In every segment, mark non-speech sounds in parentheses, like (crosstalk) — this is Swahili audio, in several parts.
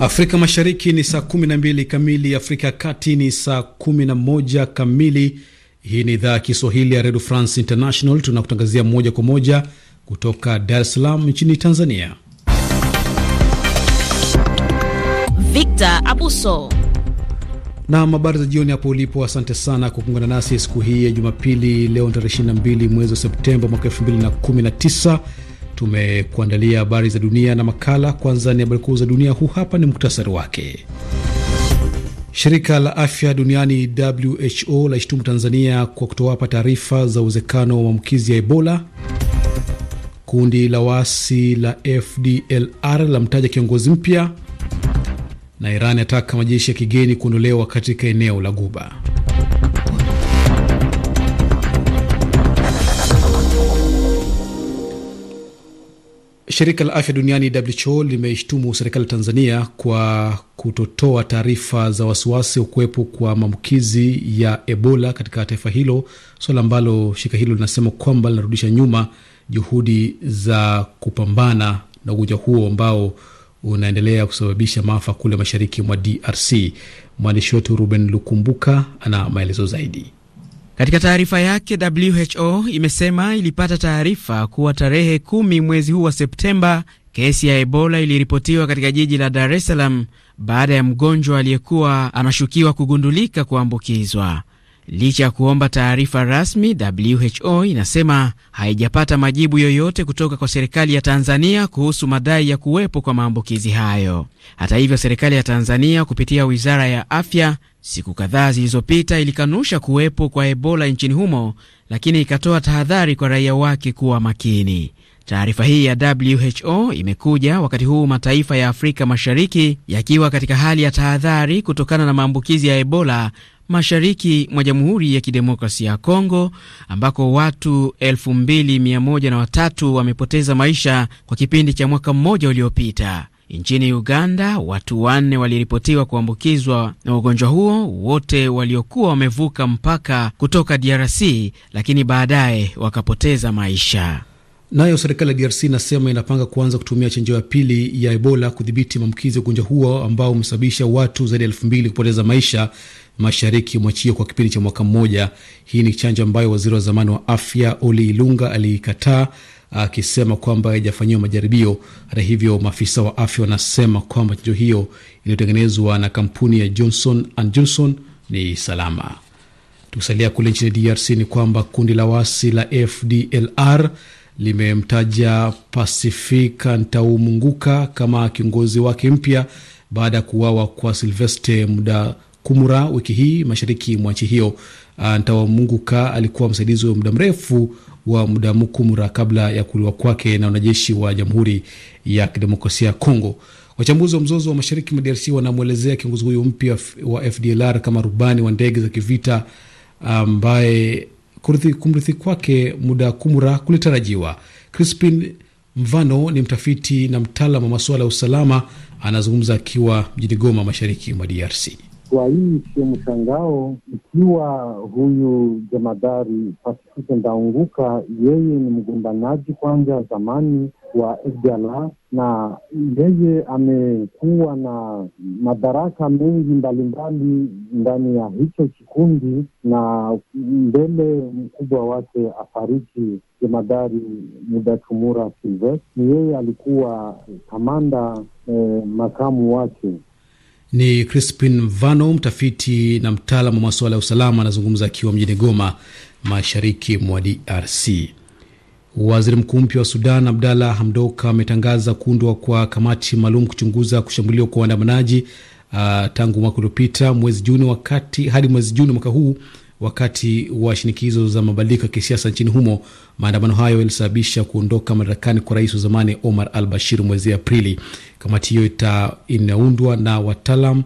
Afrika Mashariki ni saa 12 kamili, Afrika ya Kati ni saa 11 kamili. Hii ni idhaa ya Kiswahili ya Redio France International, tunakutangazia moja kwa moja kutoka Dar es Salaam nchini Tanzania. Victor Abuso na habari za jioni hapo ulipo. Asante sana kwa kuungana nasi siku hii ya Jumapili, leo tarehe 22 mwezi wa Septemba mwaka 2019. Tumekuandalia habari za dunia na makala. Kwanza ni habari kuu za dunia, huu hapa ni muktasari wake. Shirika la afya duniani WHO laishtumu Tanzania kwa kutowapa taarifa za uwezekano wa maambukizi ya Ebola. Kundi la waasi la FDLR lamtaja kiongozi mpya, na Iran yataka majeshi ya kigeni kuondolewa katika eneo la Guba. Shirika la afya duniani WHO limeshtumu serikali ya Tanzania kwa kutotoa taarifa za wasiwasi wa kuwepo kwa maambukizi ya Ebola katika taifa hilo, suala ambalo shirika hilo linasema kwamba linarudisha nyuma juhudi za kupambana na ugonjwa huo ambao unaendelea kusababisha maafa kule mashariki mwa DRC. Mwandishi wetu Ruben Lukumbuka ana maelezo zaidi. Katika taarifa yake WHO imesema ilipata taarifa kuwa tarehe kumi mwezi huu wa Septemba kesi ya Ebola iliripotiwa katika jiji la Dar es Salaam baada ya mgonjwa aliyekuwa anashukiwa kugundulika kuambukizwa. Licha ya kuomba taarifa rasmi, WHO inasema haijapata majibu yoyote kutoka kwa serikali ya Tanzania kuhusu madai ya kuwepo kwa maambukizi hayo. Hata hivyo, serikali ya Tanzania kupitia wizara ya afya, siku kadhaa zilizopita, ilikanusha kuwepo kwa Ebola nchini humo, lakini ikatoa tahadhari kwa raia wake kuwa makini. Taarifa hii ya WHO imekuja wakati huu mataifa ya Afrika Mashariki yakiwa katika hali ya tahadhari kutokana na maambukizi ya Ebola mashariki mwa Jamhuri ya Kidemokrasia ya Kongo ambako watu 2103 wamepoteza maisha kwa kipindi cha mwaka mmoja uliopita. Nchini Uganda watu wanne waliripotiwa kuambukizwa na ugonjwa huo, wote waliokuwa wamevuka mpaka kutoka DRC, lakini baadaye wakapoteza maisha. Nayo serikali ya DRC inasema inapanga kuanza kutumia chanjo ya pili ya Ebola kudhibiti maambukizi ya ugonjwa huo ambao umesababisha watu zaidi ya elfu mbili kupoteza maisha mashariki mwa Chio kwa kipindi cha mwaka mmoja. Hii ni chanjo ambayo waziri wa zamani wa afya Oli Ilunga aliikataa akisema kwamba haijafanyiwa majaribio. Hata hivyo, maafisa wa afya wanasema kwamba chanjo hiyo iliyotengenezwa na kampuni ya Johnson and Johnson ni salama. Tukisalia kule nchini DRC ni kwamba kundi la wasi la FDLR limemtaja Pasifika Ntaumunguka kama kiongozi wake mpya baada ya kuuawa kwa Silveste muda Kumura wiki hii mashariki mwa nchi hiyo. Ah, Ntawamunguka alikuwa msaidizi wa muda mrefu wa Mudamu Kumura kabla ya kuuliwa kwake na wanajeshi wa Jamhuri ya Kidemokrasia ya Kongo. Wachambuzi wa mzozo wa mashariki mwa DRC wanamwelezea kiongozi huyo mpya wa FDLR kama rubani wa ndege za kivita ambaye kumrithi kwake muda Kumura kulitarajiwa. Crispin Mvano ni mtafiti na mtaalam wa masuala ya usalama, anazungumza akiwa mjini Goma, mashariki mwa DRC. Kwa hii sio mshangao ikiwa huyu jamadari Pacifique Ndaunguka, yeye ni mgombanaji kwanza zamani wa FDLR na yeye amekuwa na madaraka mengi mbalimbali ndani ya hicho kikundi, na mbele mkubwa wake afariki jemadari Mudachumura Silvestre, ni yeye alikuwa kamanda eh, makamu wake ni Crispin vano mtafiti na mtaalamu wa masuala ya usalama, anazungumza akiwa mjini Goma, mashariki mwa DRC. Waziri mkuu mpya wa Sudan Abdalla Hamdok ametangaza kuundwa kwa kamati maalum kuchunguza kushambuliwa kwa waandamanaji uh, tangu mwaka uliopita mwezi Juni wakati hadi mwezi Juni mwaka huu wakati wa shinikizo za mabadiliko ya kisiasa nchini humo. Maandamano hayo yalisababisha kuondoka madarakani kwa rais wa zamani Omar al Bashir mwezi Aprili. Kamati hiyo inaundwa na wataalam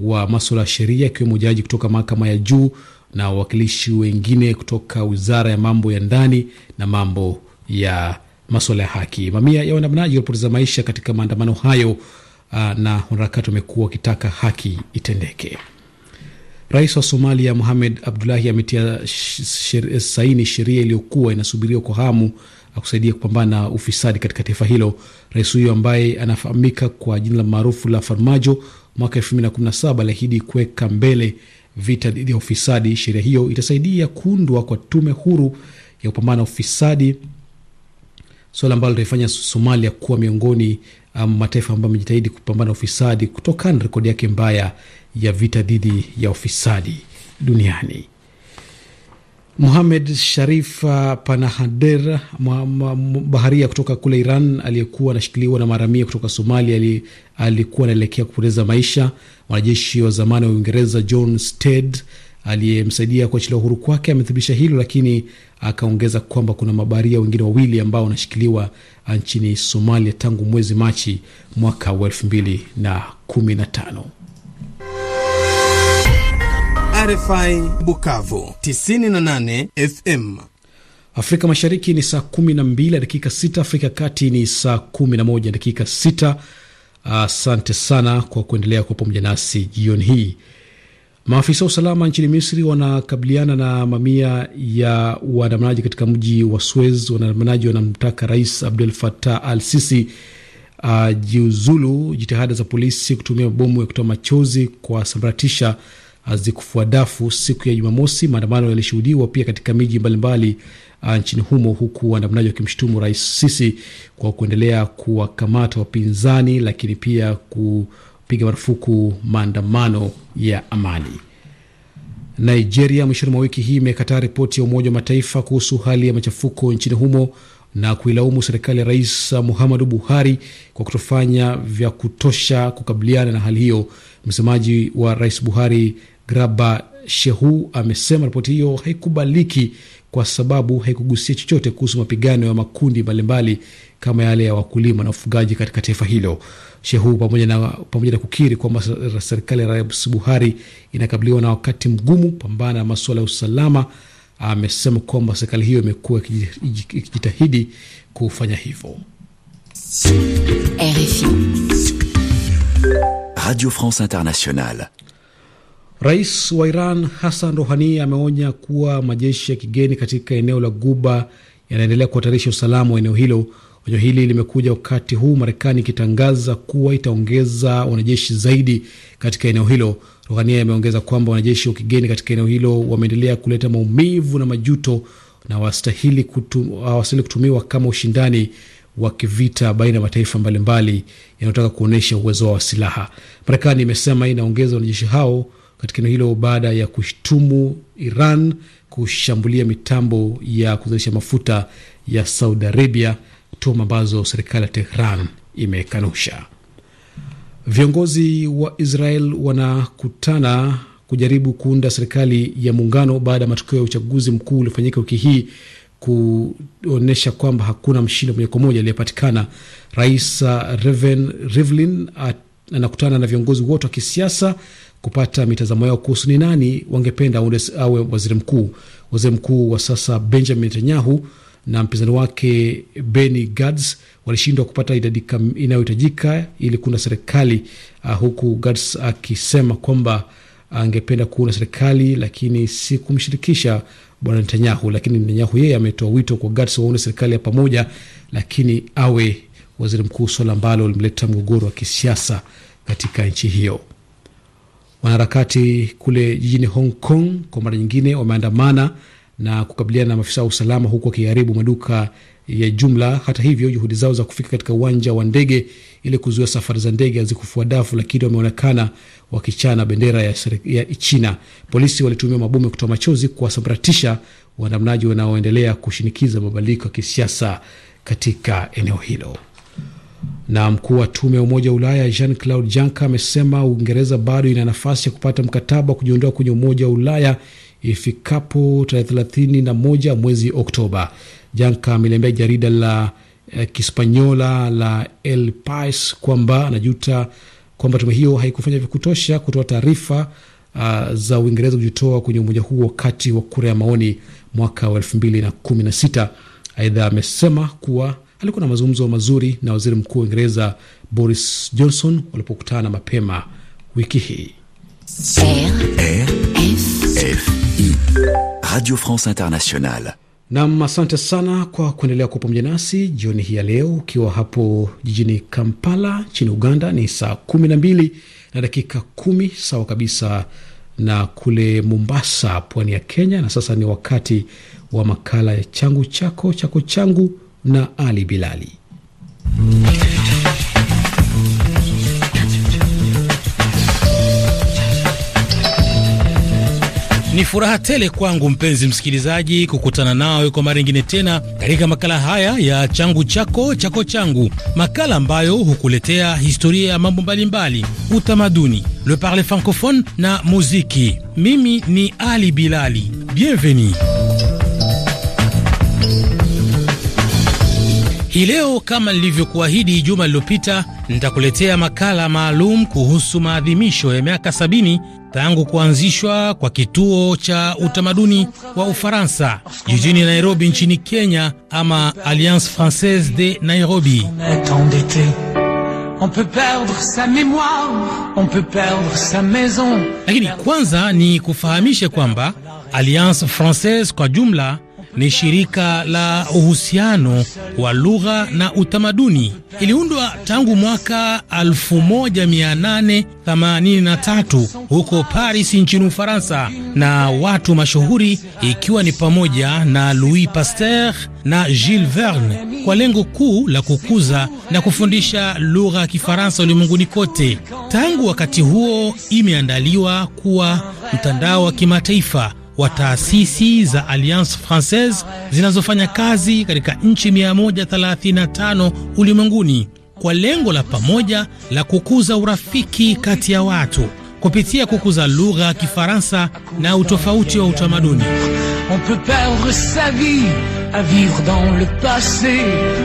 wa maswala ya sheria, ikiwemo jaji kutoka mahakama ya juu na wawakilishi wengine kutoka wizara ya mambo ya ndani na mambo ya maswala ya haki. Mamia ya waandamanaji walipoteza maisha katika maandamano hayo, na wanaharakati wamekuwa wakitaka haki itendeke. Rais wa Somalia Mohamed Abdullahi ametia shir, saini sheria iliyokuwa inasubiriwa kwa hamu akusaidia kupambana na ufisadi katika taifa hilo. Rais huyo ambaye anafahamika kwa jina maarufu la Farmajo mwaka 2017 aliahidi kuweka mbele vita dhidi ya ufisadi. Sheria hiyo itasaidia kuundwa kwa tume huru ya kupambana na ufisadi, suala ambalo litaifanya Somalia kuwa miongoni um, mataifa ambayo amejitahidi kupambana na ufisadi kutokana na rekodi yake mbaya ya vita dhidi ya ufisadi duniani. Muhamed Sharif uh, Panahader, baharia kutoka kule Iran aliyekuwa anashikiliwa na maharamia kutoka Somalia, alikuwa anaelekea kupoteza maisha. Mwanajeshi wa zamani wa Uingereza John Stead aliyemsaidia kuachilia uhuru kwake amethibitisha hilo, lakini akaongeza kwamba kuna mabaharia wengine wawili ambao wanashikiliwa uh, nchini Somalia tangu mwezi Machi mwaka wa elfu mbili na kumi na tano. RFI Bukavu 98 FM. Afrika Mashariki ni saa 12 dakika 6, Afrika Kati ni saa 11 dakika 6. Asante uh, sana kwa kuendelea kuwa pamoja nasi jioni hii. Maafisa wa usalama nchini Misri wanakabiliana na mamia ya waandamanaji katika mji wa Suez. Waandamanaji wanamtaka Rais Abdel Fattah al Sisi uh, jiuzulu. Jitihada za polisi kutumia bomu ya kutoa machozi kwa sambaratisha hazikufua dafu siku ya Jumamosi. Maandamano yalishuhudiwa pia katika miji mbalimbali mbali, uh, nchini humo, huku waandamanaji wakimshutumu Rais Sisi kwa kuendelea kuwakamata wapinzani, lakini pia kupiga marufuku maandamano ya amani. Nigeria mwishoni mwa wiki hii imekataa ripoti ya Umoja wa Mataifa kuhusu hali ya machafuko nchini humo na kuilaumu serikali ya Rais Muhammadu Buhari kwa kutofanya vya kutosha kukabiliana na hali hiyo. Msemaji wa Rais Buhari Graba Shehu amesema ripoti hiyo haikubaliki kwa sababu haikugusia chochote kuhusu mapigano ya makundi mbalimbali kama yale ya wakulima na wafugaji katika taifa hilo. Shehu pamoja na, pamoja na kukiri kwamba serikali ya Rais Buhari inakabiliwa na wakati mgumu pambana na masuala ya usalama, amesema kwamba serikali hiyo imekuwa ikijitahidi kufanya hivyo. Radio France Internationale Rais wa Iran Hassan Rohani ameonya kuwa majeshi ya kigeni katika eneo la Guba yanaendelea kuhatarisha usalama wa eneo hilo. Onyo hili limekuja wakati huu Marekani ikitangaza kuwa itaongeza wanajeshi zaidi katika eneo hilo. Rohani ameongeza kwamba wanajeshi wa kigeni katika eneo hilo wameendelea kuleta maumivu na majuto na wastahili kutum, kutumiwa kama ushindani wa kivita baina ya mataifa mbalimbali yanayotaka kuonyesha uwezo wao wa silaha. Marekani imesema inaongeza wanajeshi hao katika eneo hilo baada ya kushtumu Iran kushambulia mitambo ya kuzalisha mafuta ya Saudi Arabia, tuhuma ambazo serikali ya Tehran imekanusha. Viongozi wa Israel wanakutana kujaribu kuunda serikali ya muungano baada ya matokeo ya uchaguzi mkuu uliofanyika wiki hii kuonyesha kwamba hakuna mshindi moja kwa moja aliyepatikana. Rais uh, Reuven Rivlin uh, anakutana na viongozi wote wa kisiasa kupata mitazamo yao kuhusu ni nani wangependa awe waziri mkuu. Waziri mkuu wa sasa Benjamin Netanyahu na mpinzani wake Benny Gantz walishindwa kupata idadi inayohitajika ili kuunda serikali uh, huku Gantz akisema kwamba angependa kuunda serikali lakini si kumshirikisha bwana Netanyahu. Lakini Netanyahu yeye ametoa wito kwa Gantz waunde serikali ya pamoja, lakini awe waziri mkuu, swala ambalo limleta mgogoro wa kisiasa katika nchi hiyo. Wanaharakati kule jijini Hong Kong kwa mara nyingine wameandamana na kukabiliana na maafisa wa usalama huku wakiharibu maduka ya jumla. Hata hivyo, juhudi zao za kufika katika uwanja wa ndege ili kuzuia safari za ndege hazikufua dafu, lakini wameonekana wakichana bendera ya, ya China. Polisi walitumia mabomu ya kutoa machozi kuwasambaratisha waandamanaji wanaoendelea kushinikiza mabadiliko ya kisiasa katika eneo hilo. Na mkuu wa tume ya Umoja wa Ulaya Jean Claude Juncker amesema Uingereza bado ina nafasi ya kupata mkataba wa kujiondoa kwenye Umoja wa Ulaya ifikapo tarehe 31 mwezi Oktoba. Juncker ameliambia jarida la eh, Kispanyola la El Pais kwamba anajuta kwamba tume hiyo haikufanya vya kutosha kutoa taarifa uh, za Uingereza kujitoa kwenye umoja huo wakati wa kura ya maoni mwaka wa 2016. Aidha amesema kuwa alikuwa na mazungumzo mazuri na waziri mkuu wa Uingereza Boris Johnson walipokutana mapema wiki hii. Radio France Internationale. Nam, asante sana kwa kuendelea kuwa pamoja nasi jioni hii ya leo, ukiwa hapo jijini Kampala nchini Uganda ni saa kumi na mbili na dakika kumi sawa kabisa na kule Mombasa, pwani ya Kenya. Na sasa ni wakati wa makala ya changu chako chako changu na Ali Bilali. Ni furaha tele kwangu mpenzi msikilizaji, kukutana nawe kwa mara nyingine tena katika makala haya ya changu chako chako changu, makala ambayo hukuletea historia ya mambo mbalimbali, utamaduni, le parler francophone na muziki. Mimi ni Ali Bilali, bienvenue. Hii leo kama nilivyokuahidi juma lililopita, nitakuletea makala maalum kuhusu maadhimisho ya miaka sabini tangu kuanzishwa kwa kituo cha utamaduni wa Ufaransa jijini Nairobi nchini Kenya, ama Alliance Francaise de Nairobi. On peut perdre sa mémoire, on peut perdre sa maison. Lakini kwanza ni kufahamishe kwamba Alliance Francaise kwa jumla ni shirika la uhusiano wa lugha na utamaduni. Iliundwa tangu mwaka 1883 huko Paris nchini Ufaransa na watu mashuhuri ikiwa ni pamoja na Louis Pasteur na Jules Verne kwa lengo kuu la kukuza na kufundisha lugha ya Kifaransa ulimwenguni kote. Tangu wakati huo imeandaliwa kuwa mtandao wa kimataifa wa taasisi za Alliance Francaise zinazofanya kazi katika nchi 135 ulimwenguni kwa lengo la pamoja la kukuza urafiki kati ya watu kupitia kukuza lugha ya Kifaransa na utofauti wa utamaduni. On peut perdre sa vie à vivre dans le passé.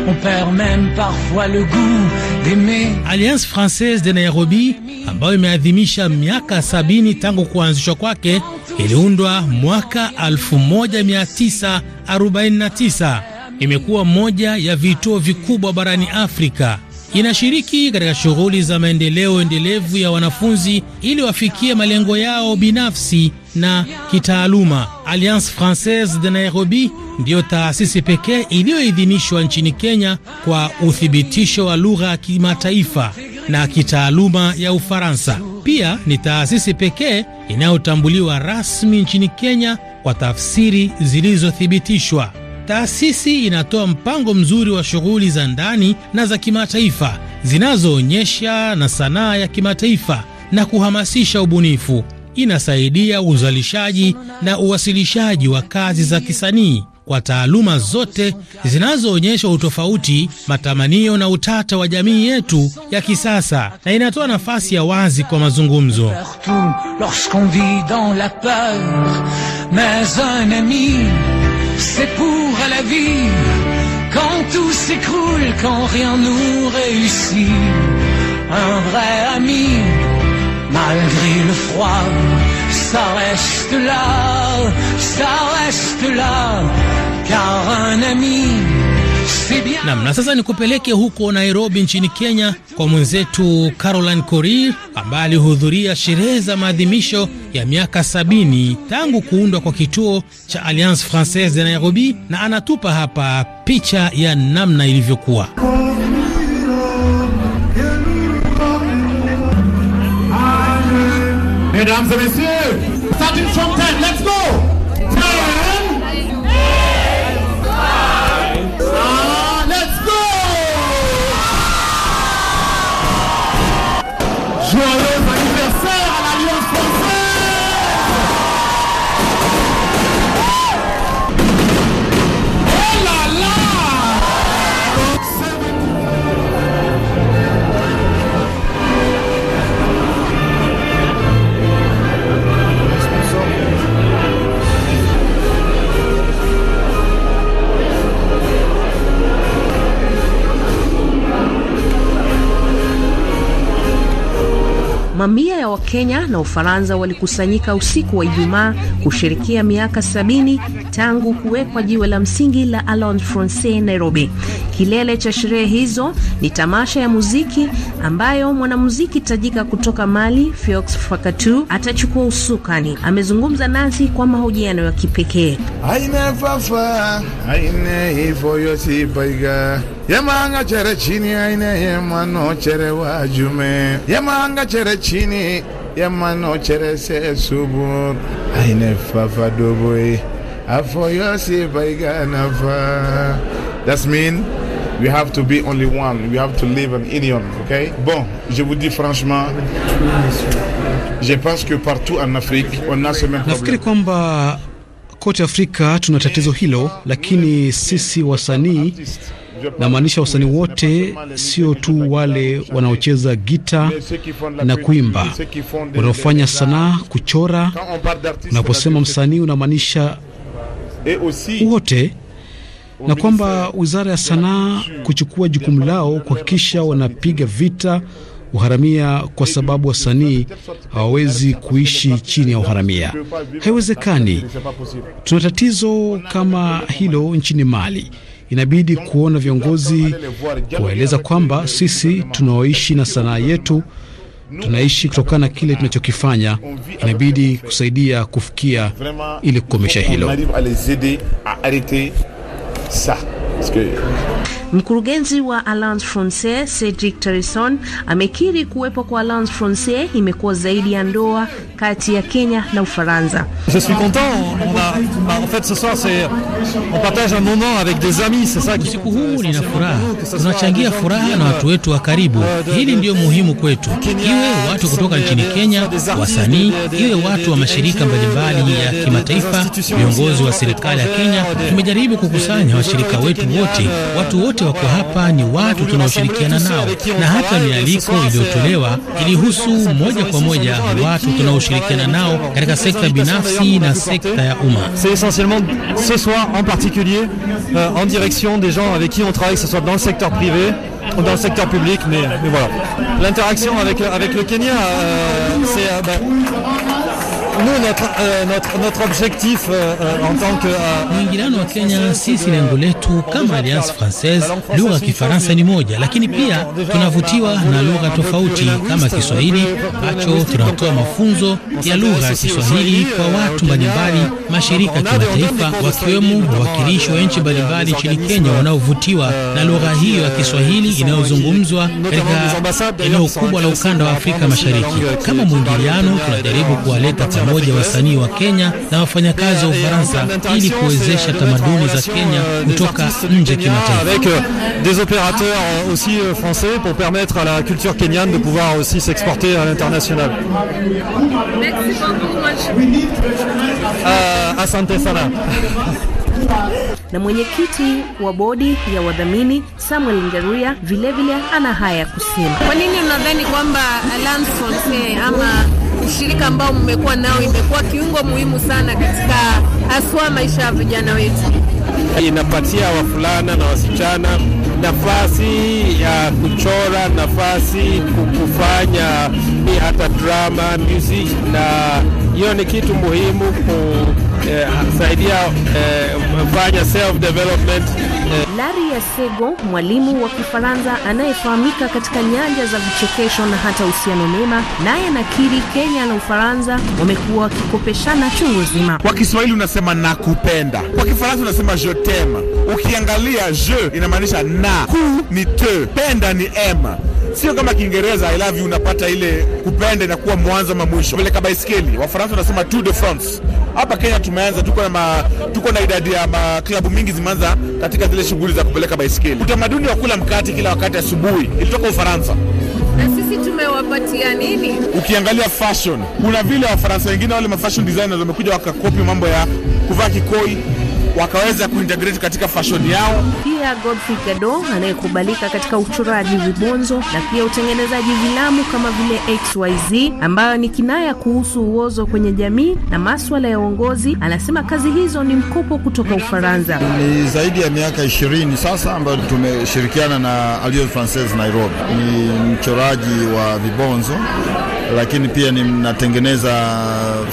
On perd même parfois le goût d'aimer. Alliance française de Nairobi ambayo imeadhimisha miaka sabini tangu kuanzishwa kwake iliundwa mwaka 1949. Imekuwa moja ya vituo vikubwa barani Afrika. Inashiriki katika shughuli za maendeleo endelevu ya wanafunzi ili wafikie malengo yao binafsi na kitaaluma. Alliance Française de Nairobi ndiyo taasisi pekee iliyoidhinishwa nchini Kenya kwa uthibitisho wa lugha ya kimataifa na kitaaluma ya Ufaransa. Pia ni taasisi pekee inayotambuliwa rasmi nchini Kenya kwa tafsiri zilizothibitishwa. Taasisi inatoa mpango mzuri wa shughuli za ndani na za kimataifa zinazoonyesha na sanaa ya kimataifa na kuhamasisha ubunifu inasaidia uzalishaji na uwasilishaji wa kazi za kisanii kwa taaluma zote zinazoonyesha utofauti, matamanio na utata wa jamii yetu ya kisasa, na inatoa nafasi ya wazi kwa mazungumzo. Malgré le froid, ça reste là, ça reste là, car un ami namna. Sasa nikupeleke huko Nairobi nchini Kenya kwa mwenzetu Caroline Korir ambaye alihudhuria sherehe za maadhimisho ya miaka sabini tangu kuundwa kwa kituo cha Alliance Francaise de Nairobi, na anatupa hapa picha ya namna ilivyokuwa. Mesdames et messieurs, starting from 10, let's go! Mamia ya Wakenya na Ufaransa walikusanyika usiku wa Ijumaa kusherekea miaka sabini tangu kuwekwa jiwe la msingi la alon Francaise Nairobi. Kilele cha sherehe hizo ni tamasha ya muziki ambayo mwanamuziki tajika kutoka Mali Fiox Fakatu atachukua usukani. Amezungumza nasi kwa mahojiano ya kipekee yemanga chere chini aine yemano chere wajume yemanga chere chini yemano chere se subur aine fafa dubui afo yosi afoyosi baiganafa that's mean we have to be only one we have to live an idiom, okay bon je vous dis franchement je pense que partout en Afrique on a ce même problème. nafikiri kwamba kote Afrika tuna tatizo hilo lakini sisi wasanii namaanisha wasanii wote, sio tu wale wanaocheza gita na kuimba, wanaofanya sanaa, kuchora. Unaposema msanii unamaanisha wote na kwamba Wizara ya Sanaa kuchukua jukumu lao kuhakikisha wanapiga vita uharamia, kwa sababu wasanii hawawezi kuishi chini ya uharamia. Haiwezekani. Tuna tatizo kama hilo nchini Mali inabidi kuona viongozi kuwaeleza kwamba sisi tunaoishi na sanaa yetu tunaishi kutokana na kile tunachokifanya. Inabidi kusaidia kufikia ili kukomesha hilo. Mkurugenzi wa Alliance Francaise Cedric Tarison amekiri kuwepo kwa Alliance Francaise imekuwa zaidi ya ndoa kati ya Kenya na Ufaransa. Usiku huu nina furaha, tunachangia furaha na watu wetu wa karibu. Euh, Hili ndiyo muhimu kwetu, iwe watu kutoka nchini Kenya, wasanii, iwe watu wa mashirika mbalimbali ya kimataifa, viongozi wa serikali ya Kenya. Tumejaribu kukusanya washirika wetu C'est essentiellement ce soir en particulier euh, en direction des gens avec qui on travaille, que ce soit dans le secteur privé ou dans le secteur public, mais, voilà. L'interaction avec, le Kenya, euh, c'est... Euh, bah, nous notre, euh, notre, notre objectif euh, euh en tant que euh, mwingiliano wa Kenya, sisi lengo letu kama Alliance Francaise, lugha ya Kifaransa ni moja, lakini pia tunavutiwa na lugha tofauti kama Kiswahili ambacho tunatoa mafunzo ya lugha ya Kiswahili kwa watu mbalimbali, mashirika ya kimataifa, wakiwemo wawakilishi wa nchi mbalimbali nchini Kenya wanaovutiwa na lugha hiyo ya Kiswahili inayozungumzwa katika eneo kubwa la ukanda wa Afrika Mashariki. Kama mwingiliano tunajaribu kuwaleta pamoja Avec Des opérateurs euh, aussi euh, français pour permettre à la culture kenyane de pouvoir aussi s'exporter à l'international. Euh, Santé sana. (laughs) Na mwenyekiti wa bodi ya wadhamini Samuel Ngaruya vilevile ana haya ya kusema. Kwa nini unadhani kwamba Alliance Francaise ama ushirika ambao mmekuwa nao imekuwa kiungo muhimu sana katika haswa maisha ya vijana wetu? Inapatia wafulana na wasichana nafasi ya kuchora, nafasi kufanya hata drama music, na hiyo ni kitu muhimu ku eh, saidia eh, fanya self development eh, Larry Yasego, mwalimu wa Kifaransa anayefahamika katika nyanja za vichekesho na hata uhusiano mema, naye anakiri Kenya na Ufaransa wamekuwa wakikopeshana chungu zima. Kwa Kiswahili unasema nakupenda, kwa Kifaransa unasema je t'aime. Ukiangalia je inamaanisha na, ku ni te, penda ni ema Sio kama Kiingereza I love you, unapata ile kupenda inakuwa mwanzo ama mwisho. baiskeli Wafaransa wanasema tour de France, hapa Kenya tumeanza, tuko na ma, tuko na idadi ya maklabu mingi zimeanza katika zile shughuli za kupeleka baisikeli. Utamaduni wa kula mkate kila wakati asubuhi ilitoka Ufaransa. Na sisi tumewapatia nini? Ukiangalia fashion, kuna vile Wafaransa wengine wale ma fashion designers wamekuja wakakopi mambo ya kuvaa kikoi wakaweza kuintegrate katika fashion yao. Pia Godfrey Gado anayekubalika katika uchoraji vibonzo na pia utengenezaji vilamu kama vile XYZ ambayo ni kinaya kuhusu uozo kwenye jamii na maswala ya uongozi, anasema kazi hizo ni mkopo kutoka Ufaransa. Ni zaidi ya miaka ishirini sasa ambayo tumeshirikiana na Alliance Francaise Nairobi. Ni mchoraji wa vibonzo lakini pia ninatengeneza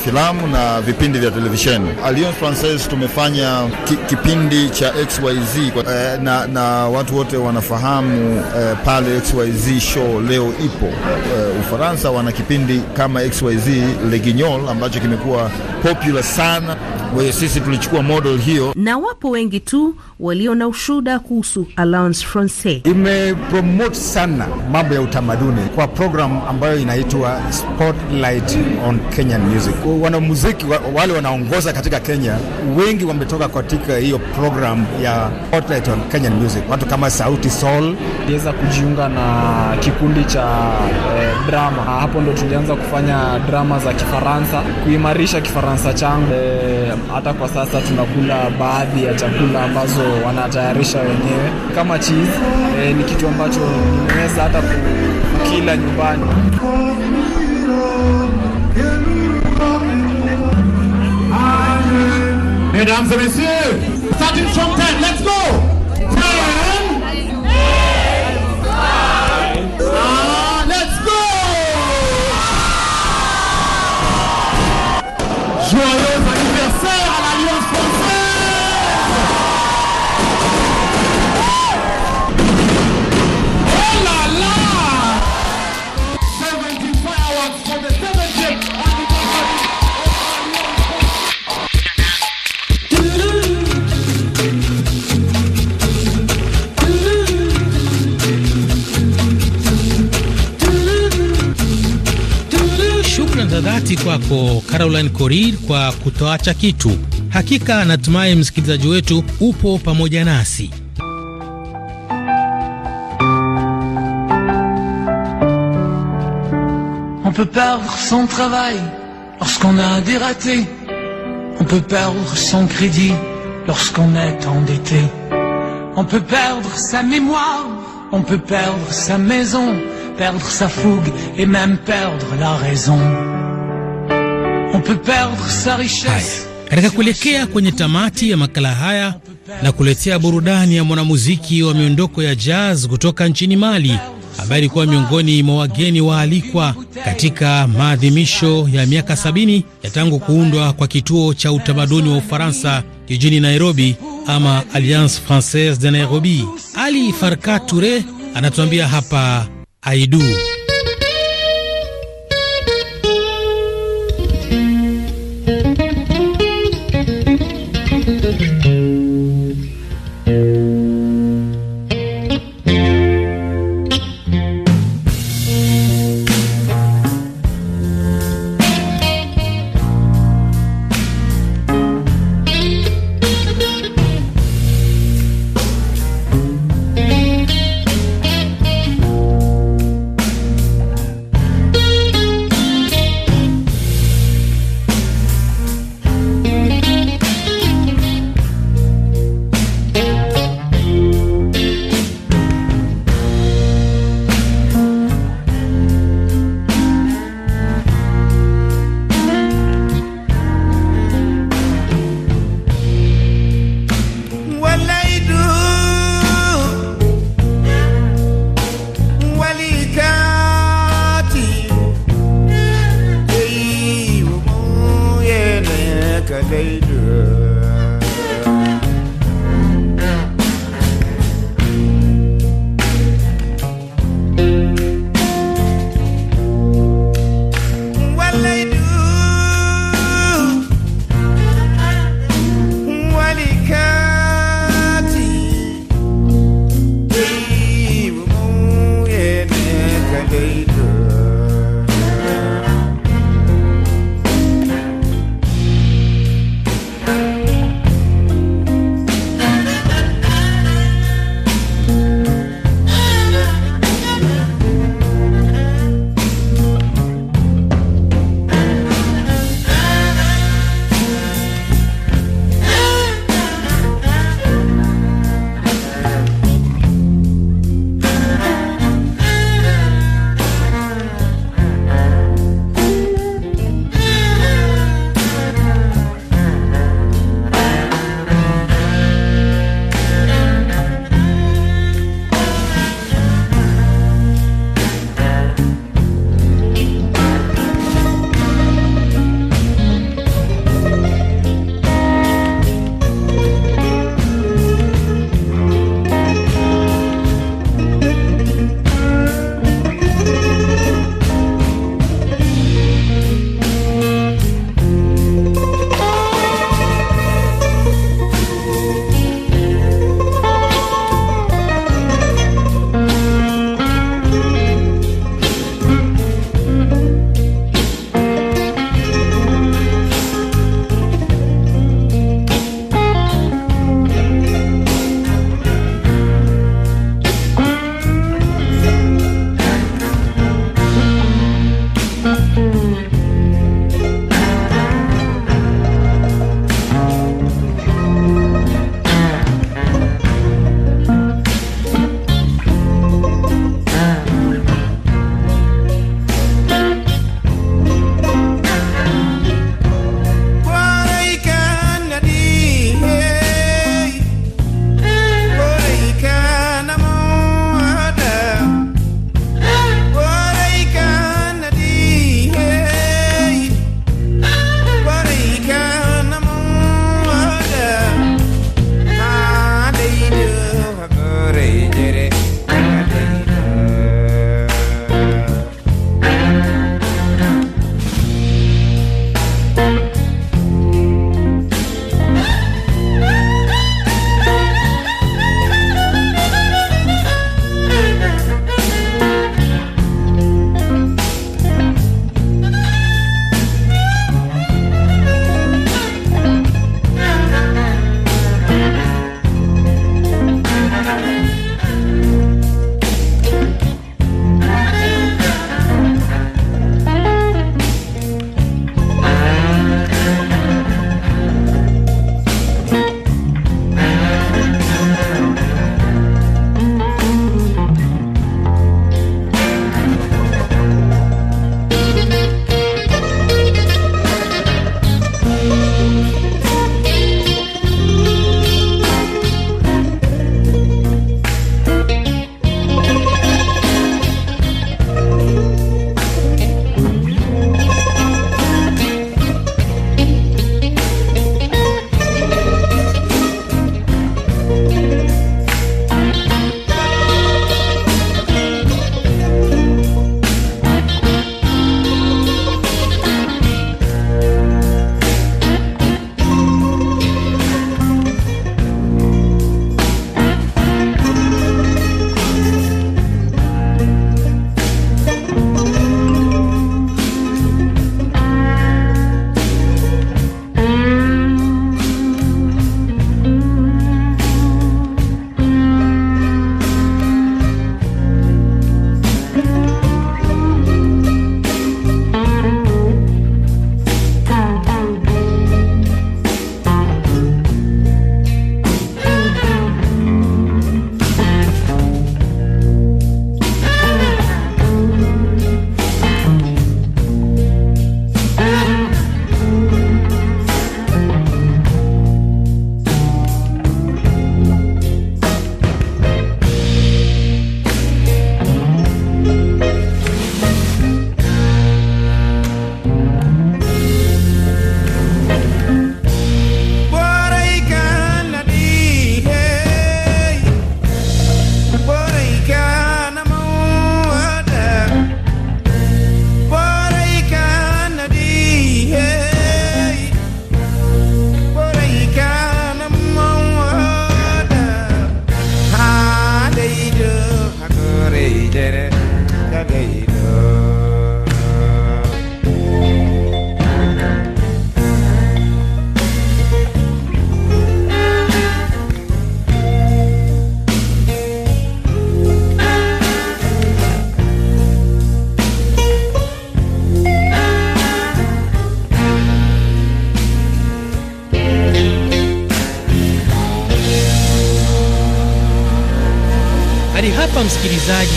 filamu na vipindi vya televisheni. Alliance Francaise tumefanya ki, kipindi cha XYZ kwa, eh, na, na watu wote wanafahamu eh, pale XYZ show leo ipo eh, Ufaransa wana kipindi kama XYZ Le Guignol ambacho kimekuwa popular sana. Kwa sisi tulichukua model hiyo, na wapo wengi tu walio na ushuda kuhusu Alliance Francaise. Imepromote sana mambo ya utamaduni kwa program ambayo inaitwa Spotlight on Kenyan Music. Wanamuziki wale wanaongoza katika Kenya wengi wametoka katika hiyo program ya Spotlight on Kenyan Music, watu kama Sauti Sol weza kujiunga na kikundi cha eh, drama. Hapo ndo tulianza kufanya drama za Kifaransa, kuimarisha Kifaransa changu. Eh, hata kwa sasa tunakula baadhi ya chakula ambazo wanatayarisha wenyewe kama cheese. Eh, ni kitu ambacho nimeweza hata kukila nyumbani. Mesdames et messieurs, ça On peut perdre son travail lorsqu'on a des ratés. On peut perdre son crédit lorsqu'on est endetté. On peut perdre sa mémoire, on peut perdre sa maison, perdre sa fougue et même perdre la raison. Katika kuelekea kwenye tamati ya makala haya na kuletea burudani ya mwanamuziki wa miondoko ya jazz kutoka nchini Mali ambaye alikuwa miongoni mwa wageni waalikwa katika maadhimisho ya miaka sabini ya tangu kuundwa kwa kituo cha utamaduni wa Ufaransa jijini Nairobi ama Alliance Francaise de Nairobi. Ali Farka Toure anatuambia hapa aidu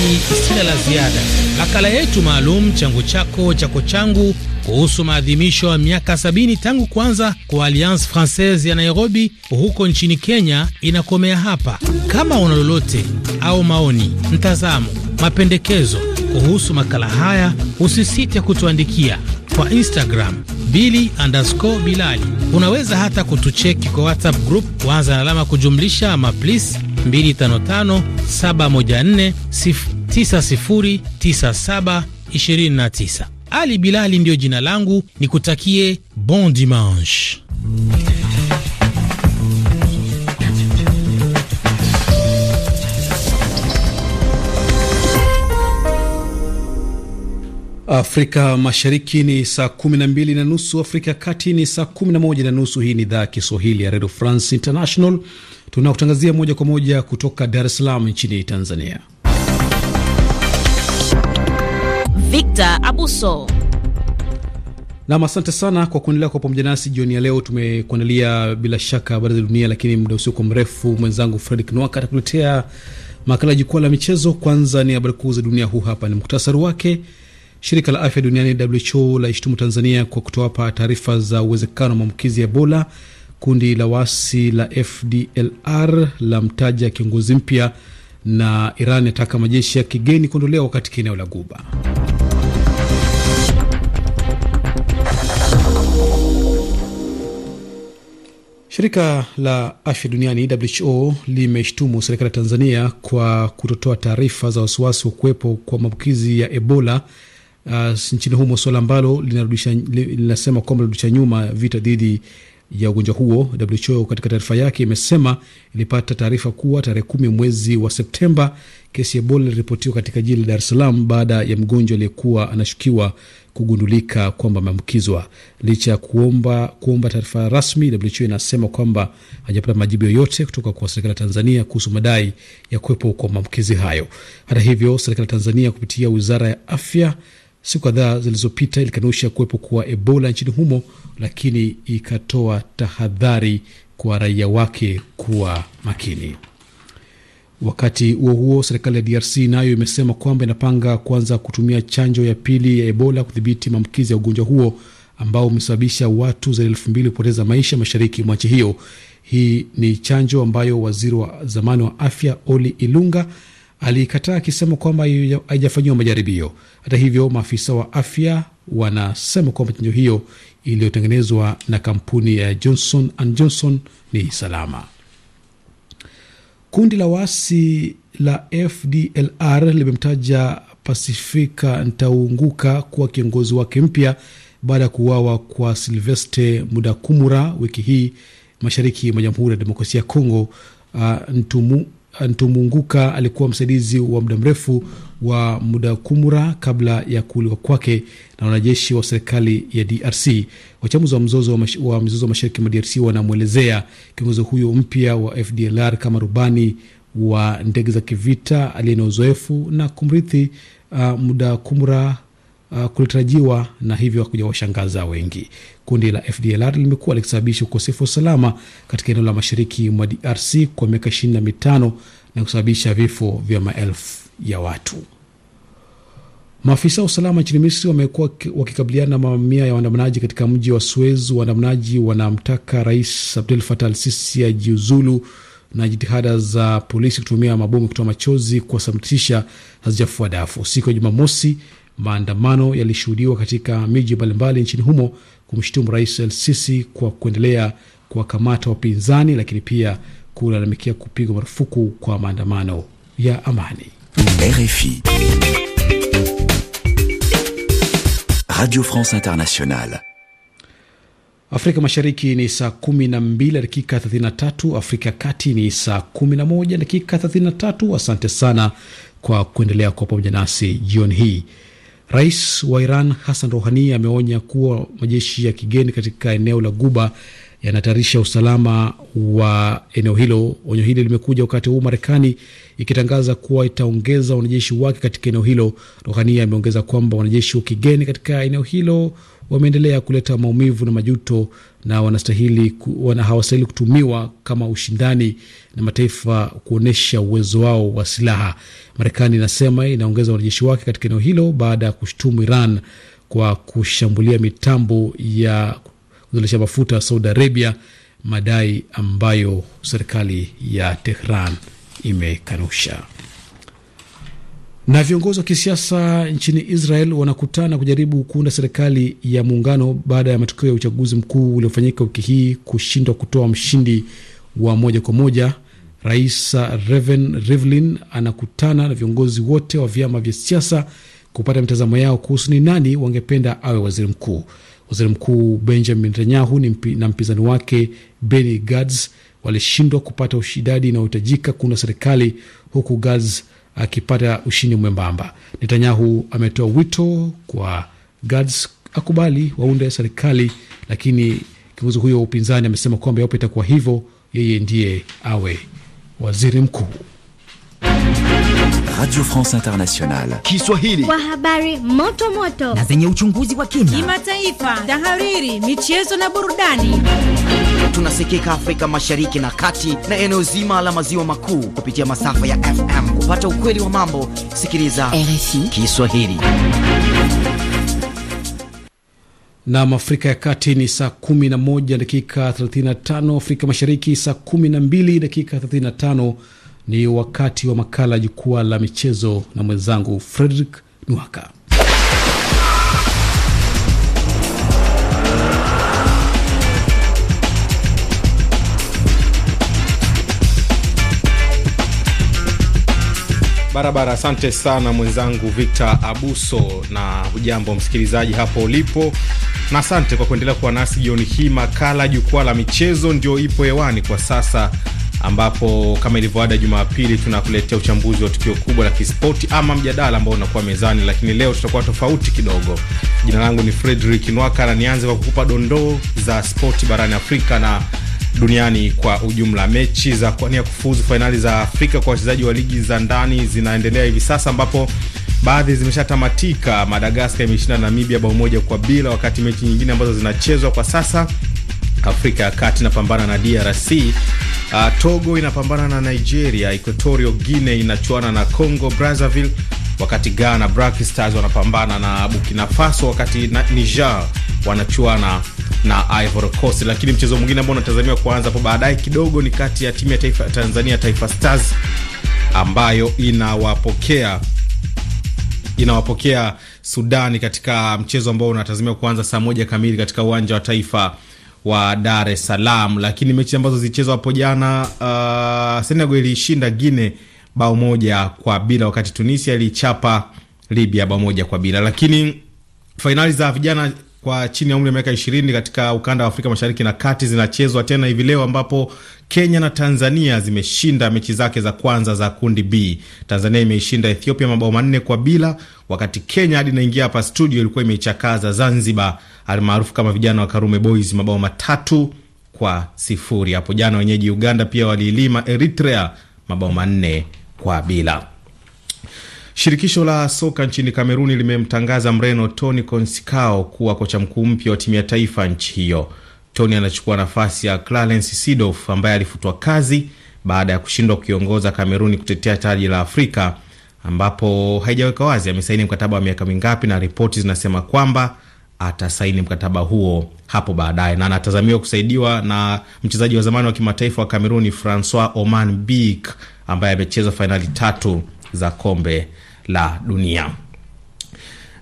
msikilizaji, sina la ziada. Makala yetu maalum changu chako chako changu kuhusu maadhimisho ya miaka sabini tangu kwanza kwa Alliance Francaise ya Nairobi huko nchini Kenya inakomea hapa. Kama una lolote au maoni, mtazamo, mapendekezo kuhusu makala haya, usisite kutuandikia kwa Instagram Bili underscore Bilali. Unaweza hata kutucheki kwa WhatsApp group, kuanza na alama kujumlisha maplis plus 255 714 909729. Ali Bilali ndiyo jina langu, nikutakie bon dimanche. Afrika Mashariki ni saa 12 na nusu, Afrika ya Kati ni saa 11 na nusu. Hii ni idhaa ya Kiswahili ya Redio France International, tunakutangazia moja kwa moja kutoka Dar es Salaam nchini Tanzania. Victor Abuso. Nam, asante sana kwa kuendelea kwa pamoja nasi jioni ya leo. Tumekuandalia bila shaka habari za dunia, lakini muda usio kwa mrefu mwenzangu Fredrik Nwaka atakuletea makala ya jukwaa la michezo. Kwanza ni habari kuu za dunia, huu hapa ni muktasari wake. Shirika la afya duniani WHO laishtumu Tanzania kwa kutowapa taarifa za uwezekano wa maambukizi ya Ebola. Kundi la waasi la FDLR la mtaja kiongozi mpya, na Iran yataka majeshi ya kigeni kuondolewa katika eneo la Guba. Shirika la afya duniani WHO limeshtumu serikali ya Tanzania kwa kutotoa taarifa za wasiwasi wa kuwepo kwa maambukizi ya Ebola uh, nchini humo, suala ambalo linasema kwamba linarudisha nyuma vita dhidi ya ugonjwa huo. WHO katika taarifa yake imesema ilipata taarifa kuwa tarehe kumi mwezi wa Septemba kesi ya Ebola iliripotiwa katika jiji la Dar es Salaam baada ya mgonjwa aliyekuwa anashukiwa kugundulika kwamba ameambukizwa. Licha ya kuomba, kuomba taarifa rasmi, WHO inasema kwamba hajapata majibu yoyote kutoka kwa serikali ya Tanzania kuhusu madai ya kuwepo kwa maambukizi hayo. Hata hivyo, serikali ya Tanzania kupitia wizara ya afya siku kadhaa zilizopita ilikanusha kuwepo kwa Ebola nchini humo, lakini ikatoa tahadhari kwa raia wake kuwa makini. Wakati huo huo, serikali ya DRC nayo imesema kwamba inapanga kuanza kutumia chanjo ya pili ya Ebola kudhibiti maambukizi ya ugonjwa huo ambao umesababisha watu zaidi elfu mbili kupoteza maisha mashariki mwa nchi hiyo. Hii ni chanjo ambayo waziri wa zamani wa afya Oli Ilunga aliikataa akisema kwamba haijafanyiwa majaribio. Hata hivyo, maafisa wa afya wanasema kwamba chanjo hiyo iliyotengenezwa na kampuni ya Johnson and Johnson ni salama. Kundi la waasi la FDLR limemtaja Pasifika Ntaunguka kuwa kiongozi wake mpya baada ya kuuawa kwa Silveste Mudakumura wiki hii mashariki mwa Jamhuri ya Demokrasia ya Kongo. Uh, Ntumunguka alikuwa msaidizi wa muda mrefu wa Mudakumura kabla ya kuuliwa kwake na wanajeshi wa serikali ya DRC. Wachambuzi wa mzozo wa, mash, wa wa mashariki mwa DRC wanamwelezea kiongozi huyo mpya wa FDLR kama rubani wa ndege za kivita aliye na uzoefu na kumrithi uh, Mudakumura uh, kulitarajiwa na hivyo hakuja washangaza wengi. Kundi la FDLR limekuwa likisababisha ukosefu wa usalama katika eneo la mashariki mwa DRC kwa miaka 25 na kusababisha vifo vya maelfu ya watu. Maafisa wa usalama nchini Misri wamekuwa wakikabiliana na mamia ya waandamanaji katika mji wa Suez. Waandamanaji wanamtaka Rais Abdel Fattah al-Sisi ajiuzulu na jitihada za polisi kutumia mabomu kutoa machozi kuwasambitisha hazijafua dafu. Siku ya Jumamosi, maandamano yalishuhudiwa katika miji mbalimbali nchini humo kumshutumu Rais El-Sisi kwa kuendelea kuwakamata wapinzani, lakini pia kulalamikia kupigwa marufuku kwa maandamano ya amani. RFI Radio France Internationale. Afrika Mashariki ni saa 12 na dakika 33, Afrika ya Kati ni saa 11 na dakika 33. Asante sana kwa kuendelea kwa pamoja nasi jioni hii. Rais wa Iran Hassan Rouhani ameonya kuwa majeshi ya kigeni katika eneo la Guba yanahatarisha usalama wa eneo hilo. Onyo hili limekuja wakati huu Marekani ikitangaza kuwa itaongeza wanajeshi wake katika eneo hilo. Rohani ameongeza kwamba wanajeshi wa kigeni katika eneo hilo wameendelea kuleta maumivu na majuto na wanastahili wana hawastahili kutumiwa kama ushindani na mataifa kuonyesha uwezo wao wa silaha. Marekani inasema inaongeza wanajeshi wake katika eneo hilo baada ya kushtumu Iran kwa kushambulia mitambo ya kuzalisha mafuta Saudi Arabia, madai ambayo serikali ya Tehran imekanusha. Na viongozi wa kisiasa nchini Israel wanakutana kujaribu kuunda serikali ya muungano baada ya matokeo ya uchaguzi mkuu uliofanyika wiki hii kushindwa kutoa mshindi wa moja kwa moja. Rais Reuven Rivlin anakutana na viongozi wote wa vyama vya siasa kupata mitazamo yao kuhusu ni nani wangependa awe waziri mkuu. Waziri Mkuu Benjamin Netanyahu na mpinzani wake Benny Gantz walishindwa kupata ushidadi inayohitajika kuunda serikali huku Gantz akipata ushindi mwembamba. Netanyahu ametoa wito kwa Gads akubali waunde serikali, lakini kiongozi huyo wa upinzani amesema kwamba iwapo itakuwa hivyo, yeye ndiye awe waziri mkuu. Radio France Internationale. Kiswahili. Kwa habari moto moto na zenye uchunguzi wa kina, kimataifa, tahariri, michezo na burudani. Tunasikika Afrika Mashariki na Kati na eneo zima la maziwa makuu kupitia masafa ya FM. Kupata ukweli wa mambo, sikiliza RFI Kiswahili. Nam Afrika ya Kati ni saa 11 dakika 35, Afrika Mashariki saa 12 dakika 35. Ni wakati wa makala Jukwaa la Michezo na mwenzangu fredrik Nwaka. Barabara, asante sana mwenzangu Victor Abuso, na ujambo msikilizaji hapo ulipo, na asante kwa kuendelea kuwa nasi jioni hii. Makala jukwaa la michezo ndio ipo hewani kwa sasa, ambapo kama ilivyoada Jumapili tunakuletea uchambuzi wa tukio kubwa la kispoti ama mjadala ambao unakuwa mezani, lakini leo tutakuwa tofauti kidogo. Jina langu ni Fredrick Nwaka na nianze kwa kukupa dondoo za spoti barani Afrika na duniani kwa ujumla. Mechi za kuania kufuzu fainali za Afrika kwa wachezaji wa ligi za ndani zinaendelea hivi sasa ambapo baadhi zimeshatamatika. Madagaskar imeshinda Namibia bao moja kwa bila, wakati mechi nyingine ambazo zinachezwa kwa sasa Afrika ya Kati inapambana na DRC. Uh, ah, Togo inapambana na Nigeria, Equatorial Guinea inachuana na Congo Brazzaville, wakati Ghana Black Stars wanapambana na Burkina Faso, wakati Niger wanachuana na Ivory Coast. Lakini mchezo mwingine ambao unatazamiwa kuanza hapo baadaye kidogo ni kati ya timu ya taifa Tanzania Taifa Stars ambayo inawapokea inawapokea Sudani katika mchezo ambao unatazamiwa kuanza saa moja kamili katika uwanja wa taifa wa Dar es Salaam. Lakini mechi ambazo zilichezwa hapo jana, uh, Senegal ilishinda Guine bao moja kwa bila, wakati Tunisia ilichapa Libya bao moja kwa bila. Lakini fainali za vijana kwa chini ya umri wa miaka ishirini katika ukanda wa Afrika Mashariki na Kati zinachezwa tena hivi leo ambapo Kenya na Tanzania zimeshinda mechi zake za kwanza za kundi B. Tanzania imeishinda Ethiopia mabao manne kwa bila, wakati Kenya hadi inaingia hapa studio ilikuwa imeichakaza Zanzibar almaarufu kama vijana wa Karume Boys mabao matatu kwa sifuri. Hapo jana wenyeji Uganda pia waliilima Eritrea mabao manne kwa bila. Shirikisho la soka nchini Kameruni limemtangaza Mreno Tony consicao kuwa kocha mkuu mpya wa timu ya taifa nchi hiyo. Tony anachukua nafasi ya Clarence sidof ambaye alifutwa kazi baada ya kushindwa kuiongoza Kameruni kutetea taji la Afrika, ambapo haijaweka wazi amesaini mkataba wa miaka mingapi, na ripoti zinasema kwamba atasaini mkataba huo hapo baadaye, na anatazamiwa kusaidiwa na mchezaji wa zamani wa kimataifa wa Kameruni Francois Oman Bik ambaye amecheza fainali tatu za kombe la dunia.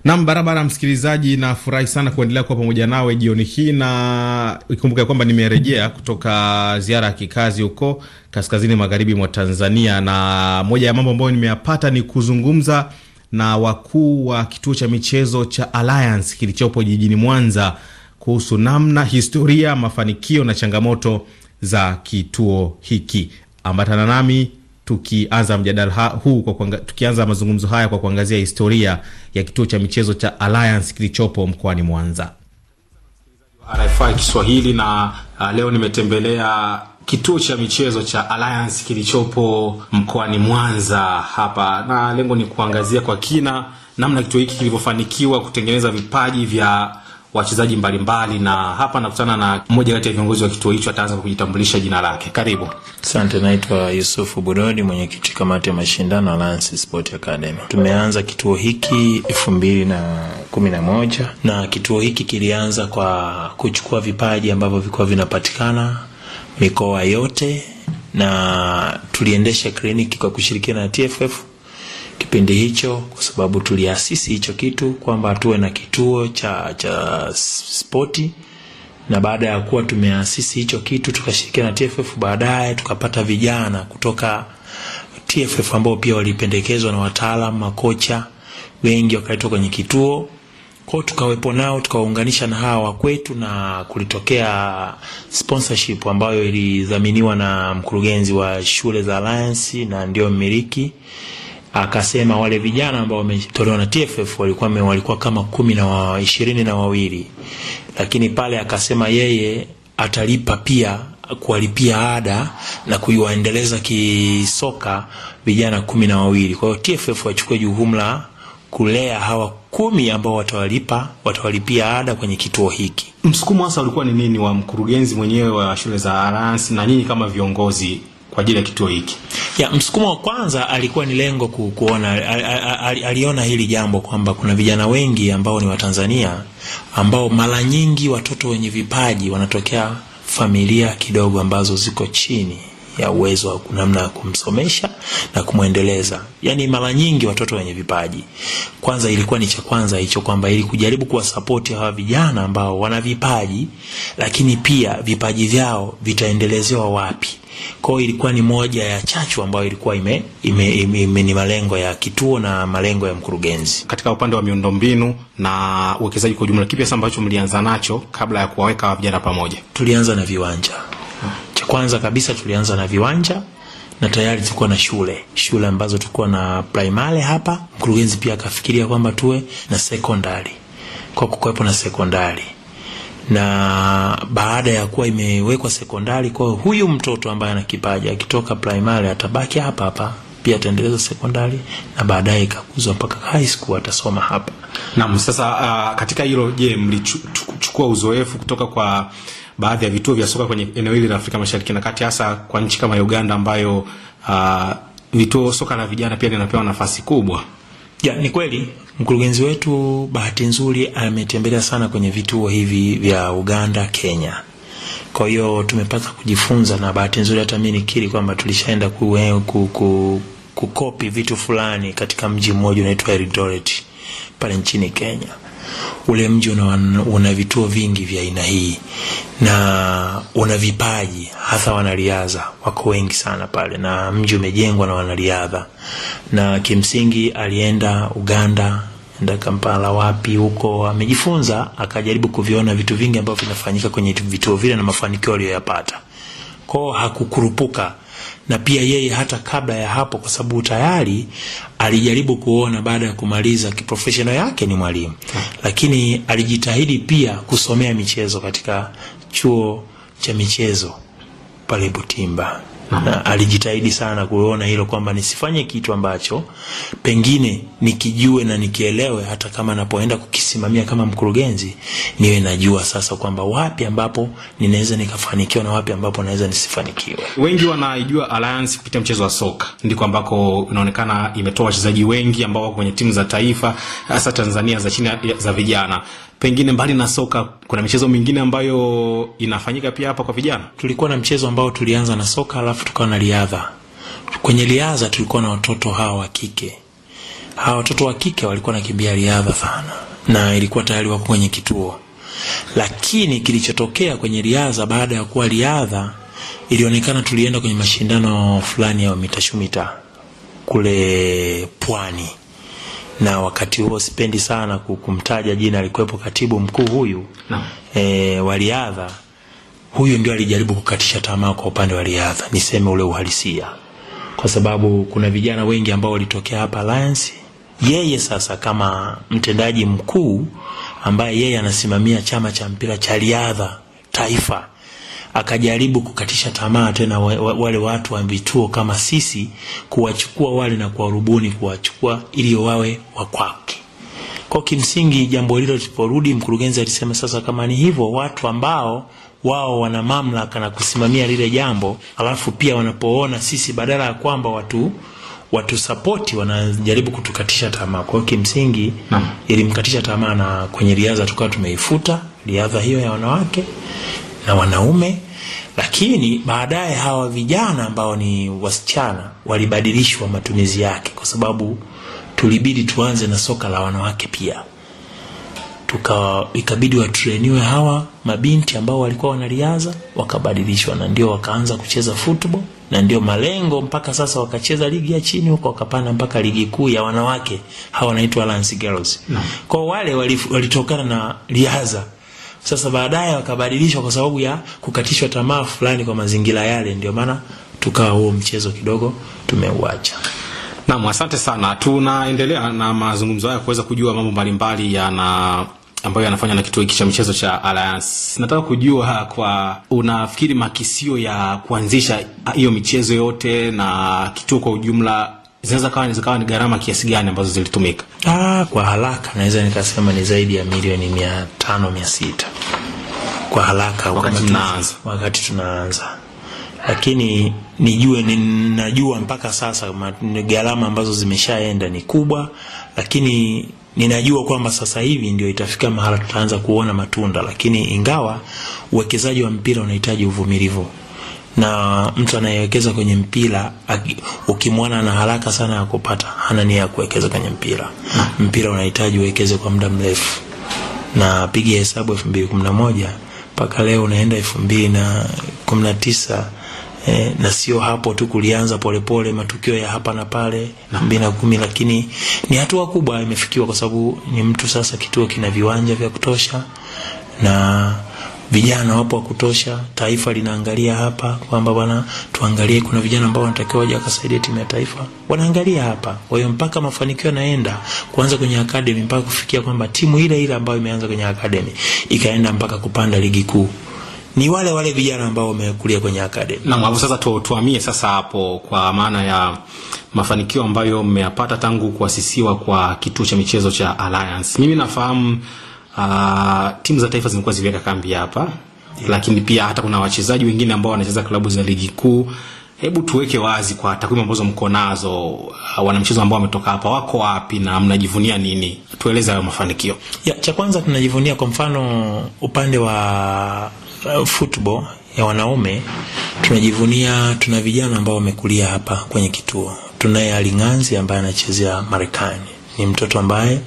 Nam barabara, msikilizaji, nafurahi sana kuendelea kuwa pamoja nawe jioni hii, na ikumbuke kwamba nimerejea (laughs) kutoka ziara ya kikazi huko kaskazini magharibi mwa Tanzania, na moja ya mambo ambayo nimeyapata ni kuzungumza na wakuu wa kituo cha michezo cha Alliance kilichopo jijini Mwanza kuhusu namna, historia, mafanikio na changamoto za kituo hiki. Ambatana nami tukianza mjadala huu kwa kuanga, tukianza mazungumzo haya kwa kuangazia historia ya kituo cha michezo cha Alliance kilichopo mkoani Mwanza. RFI Kiswahili na uh, leo nimetembelea kituo cha michezo cha Alliance kilichopo mkoani Mwanza hapa, na lengo ni kuangazia kwa kina namna kituo hiki kilivyofanikiwa kutengeneza vipaji vya wachezaji mbalimbali, na hapa nakutana na mmoja kati ya viongozi wa kituo hicho. Ataanza kujitambulisha jina lake. Karibu. Asante, naitwa Yusufu Burodi, mwenyekiti kamati ya mashindano Alliance Sport Academy. Tumeanza kituo hiki elfu mbili na kumi na moja na kituo hiki kilianza kwa kuchukua vipaji ambavyo vilikuwa vinapatikana mikoa yote, na tuliendesha kliniki kwa kushirikiana na TFF kipindi hicho, kwa sababu tuliasisi hicho kitu kwamba tuwe na kituo cha, cha spoti na baada ya kuwa tumeasisi hicho kitu tukashirikiana na TFF, baadaye tukapata vijana kutoka TFF ambao pia walipendekezwa na wataalamu makocha wengi wakaitwa kwenye kituo kwao, tukawepo nao tukawaunganisha na hawa kwetu, na kulitokea sponsorship ambayo ilidhaminiwa na mkurugenzi wa shule za Alliance na ndio mmiliki akasema wale vijana ambao wametolewa na TFF walikuwa walikuwa kama kumi na wa, ishirini na wawili, lakini pale akasema yeye atalipa pia kuwalipia ada na kuiwaendeleza kisoka vijana kumi na wawili. Kwa hiyo TFF wachukue jukumu la kulea hawa kumi ambao watawalipa watawalipia ada kwenye kituo hiki. Msukumo hasa ulikuwa ni nini wa mkurugenzi mwenyewe wa shule za Alliance na nyinyi kama viongozi kwa ajili ya kituo hiki. Ya, msukumo wa kwanza alikuwa ni lengo ku, kuona al, al, al, aliona hili jambo kwamba kuna vijana wengi ambao ni Watanzania ambao mara nyingi watoto wenye vipaji wanatokea familia kidogo ambazo ziko chini ya uwezo wa namna ya kumsomesha na kumwendeleza. Yani mara nyingi watoto wenye vipaji, kwanza ilikuwa ni cha kwanza hicho, kwamba ili kujaribu kuwasapoti hawa vijana ambao wana vipaji, lakini pia vipaji vyao vitaendelezewa wapi? Kwa ilikuwa ni moja ya chachu ambayo ilikuwa ime, ime, ime, ime ni malengo ya kituo na malengo ya mkurugenzi. Katika upande wa miundombinu na uwekezaji kwa ujumla, kipi hasa ambacho mlianza nacho kabla ya kuwaweka vijana pamoja? Tulianza na viwanja cha kwanza kabisa tulianza na viwanja na tayari tulikuwa na shule shule ambazo tulikuwa na primary hapa. Mkurugenzi pia akafikiria kwamba tuwe na secondary, kwa kukuwepo na secondary na baada ya kuwa imewekwa sekondari, kwa huyu mtoto ambaye ana kipaji akitoka primary atabaki hapa hapa, pia ataendeleza sekondari na baadaye ikakuzwa mpaka high school atasoma hapa. Naam, sasa uh, katika hilo je, mlichukua uzoefu kutoka kwa baadhi ya vituo vya soka kwenye eneo hili la Afrika Mashariki na Kati, hasa kwa nchi kama Uganda ambayo uh, vituo soka la vijana pia linapewa nafasi kubwa. Ya, ni kweli mkurugenzi wetu bahati nzuri ametembelea sana kwenye vituo hivi vya Uganda, Kenya. Kwa hiyo tumepata kujifunza, na bahati nzuri hata mimi nikiri kwamba tulishaenda ku, ku, ku, kukopi vitu fulani katika mji mmoja unaitwa Eldoret pale nchini Kenya ule mji una, una vituo vingi vya aina hii na una vipaji, hasa wanariadha wako wengi sana pale, na mji umejengwa na wanariadha. Na kimsingi alienda Uganda, enda Kampala, wapi huko, amejifunza akajaribu kuviona vitu vingi ambavyo vinafanyika kwenye vituo vile na mafanikio aliyoyapata kwao, hakukurupuka na pia yeye hata kabla ya hapo, kwa sababu tayari alijaribu kuona baada ya kumaliza kiprofessional yake ni mwalimu, ah. lakini alijitahidi pia kusomea michezo katika chuo cha michezo pale Butimba. (laughs) alijitahidi sana kuona hilo kwamba nisifanye kitu ambacho pengine nikijue na nikielewe, hata kama napoenda kukisimamia kama mkurugenzi, niwe najua sasa kwamba wapi ambapo ninaweza nikafanikiwa na wapi ambapo naweza nisifanikiwe. Wengi wanaijua Alliance kupitia mchezo wa soka, ndiko ambako inaonekana imetoa wachezaji wengi ambao wako kwenye timu za taifa, hasa Tanzania za chini za vijana. Pengine mbali na soka, kuna michezo mingine ambayo inafanyika pia hapa kwa vijana? Tulikuwa na mchezo ambao tulianza na soka, alafu tukawa na riadha. Kwenye riadha tulikuwa na watoto hawa wa kike, hawa watoto wa kike walikuwa nakimbia riadha sana, na ilikuwa tayari wako kwenye kituo, lakini kilichotokea kwenye riadha, baada ya kuwa riadha ilionekana tulienda kwenye mashindano fulani ya mitashumita kule pwani na wakati huo sipendi sana kumtaja jina, alikuwepo katibu mkuu huyu no. e, wa riadha huyu ndio alijaribu kukatisha tamaa kwa upande wa riadha, niseme ule uhalisia, kwa sababu kuna vijana wengi ambao walitokea hapa Alliance. Yeye sasa kama mtendaji mkuu ambaye yeye anasimamia chama cha mpira cha riadha taifa akajaribu kukatisha tamaa tena wale watu wa vituo kama sisi, kuwachukua wale na kuwarubuni kuwachukua ili wawe wa kwake. Kwa kimsingi, jambo hilo liliporudi, mkurugenzi alisema sasa, kama ni hivyo, watu ambao wao wana mamlaka na kusimamia lile jambo, alafu pia wanapoona sisi badala ya kwamba watu watu sapoti wanajaribu kutukatisha tamaa. Kwa hiyo kimsingi ilimkatisha tamaa, na kwenye riadha tukawa tumeifuta riadha hiyo ya wanawake, na wanaume, lakini baadaye hawa vijana ambao ni wasichana walibadilishwa matumizi yake, kwa sababu tulibidi tuanze na soka la wanawake pia tuka ikabidi watreniwe hawa mabinti ambao walikuwa wanariadha, wakabadilishwa na ndio wakaanza kucheza football, na ndio malengo mpaka sasa. Wakacheza ligi ya chini huko, wakapanda mpaka ligi kuu ya wanawake, hawa wanaitwa Lance Girls. Kwa wale walitokana na riadha sasa baadaye wakabadilishwa kwa sababu ya kukatishwa tamaa fulani kwa mazingira yale, ndio maana tukawa huo mchezo kidogo tumeuacha. nam asante sana. Tunaendelea na mazungumzo haya kuweza kujua mambo mbalimbali yana ambayo yanafanywa na kituo hiki cha michezo cha Alliance. Nataka kujua kwa unafikiri makisio ya kuanzisha hiyo michezo yote na kituo kwa ujumla zinaweza kawa zikawa ni gharama kiasi gani ambazo zilitumika? Ah, kwa haraka naweza nikasema ni zaidi ya milioni mia tano mia sita kwa haraka wakati tunaanza, wakati tunaanza lakini nijue ninajua mpaka sasa gharama ambazo zimeshaenda ni kubwa, lakini ninajua kwamba sasa hivi ndio itafika mahala tutaanza kuona matunda, lakini ingawa uwekezaji wa mpira unahitaji uvumilivu na mtu anayewekeza kwenye mpira ukimwona na haraka sana ya kupata, hana nia ya kuwekeza kwenye mpira. Mpira unahitaji uwekeze kwa muda mrefu, na piga hesabu 2011 mpaka leo unaenda 2019 eh, na sio hapo tu, kulianza polepole matukio ya hapa na pale mbili na kumi, lakini ni hatua kubwa imefikiwa, kwa sababu ni mtu sasa, kituo kina viwanja vya kutosha na vijana wapo wa kutosha, taifa linaangalia hapa kwamba bwana, tuangalie kuna vijana ambao wanatakiwa waje wakasaidia timu ya taifa, wanaangalia hapa. Kwa hiyo mpaka mafanikio yanaenda kuanza kwenye akademi mpaka kufikia kwamba timu ile ile ambayo imeanza kwenye akademi ikaenda mpaka kupanda ligi kuu ni wale wale vijana ambao wamekulia kwenye akademi na hapo sasa tu, sasa hapo kwa maana ya mafanikio ambayo mmeyapata tangu kuasisiwa kwa kituo cha michezo cha Alliance. Mimi nafahamu Ah, timu za taifa zimekuwa zikiweka kambi hapa yeah. Lakini pia hata kuna wachezaji wengine ambao wanacheza klabu za ligi kuu. Hebu tuweke wazi kwa takwimu ambazo mko nazo, ah, wanamchezo ambao wametoka hapa wako wapi na mnajivunia nini? Tueleze hayo mafanikio. Yeah, cha kwanza tunajivunia kwa mfano upande wa uh, football ya wanaume tunajivunia, tuna vijana ambao wamekulia hapa kwenye kituo. Tunaye Alinganzi ambaye anachezea Marekani ni mtoto ambaye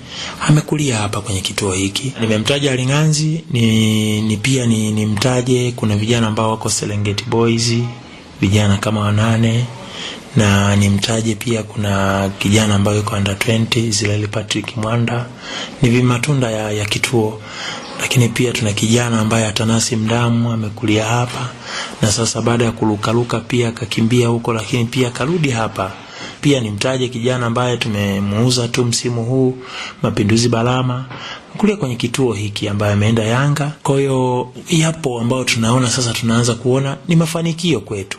amekulia hapa kwenye kituo hiki. Nimemtaja Aling'anzi ni, ni pia ni, ni mtaje kuna vijana ambao wako Serengeti Boys vijana kama wanane na nimtaje pia kuna kijana ambaye yuko under 20 Israel Patrick Mwanda, ni vimatunda ya, ya kituo. Lakini pia tuna kijana ambaye Atanasi Mdamu amekulia hapa na sasa baada ya kulukaluka pia akakimbia huko, lakini pia karudi hapa pia nimtaje kijana ambaye tumemuuza tu msimu huu Mapinduzi Balama kulia kwenye kituo hiki ambaye ameenda Yanga. Kwa hiyo yapo ambayo tunaona sasa, tunaanza kuona ni mafanikio kwetu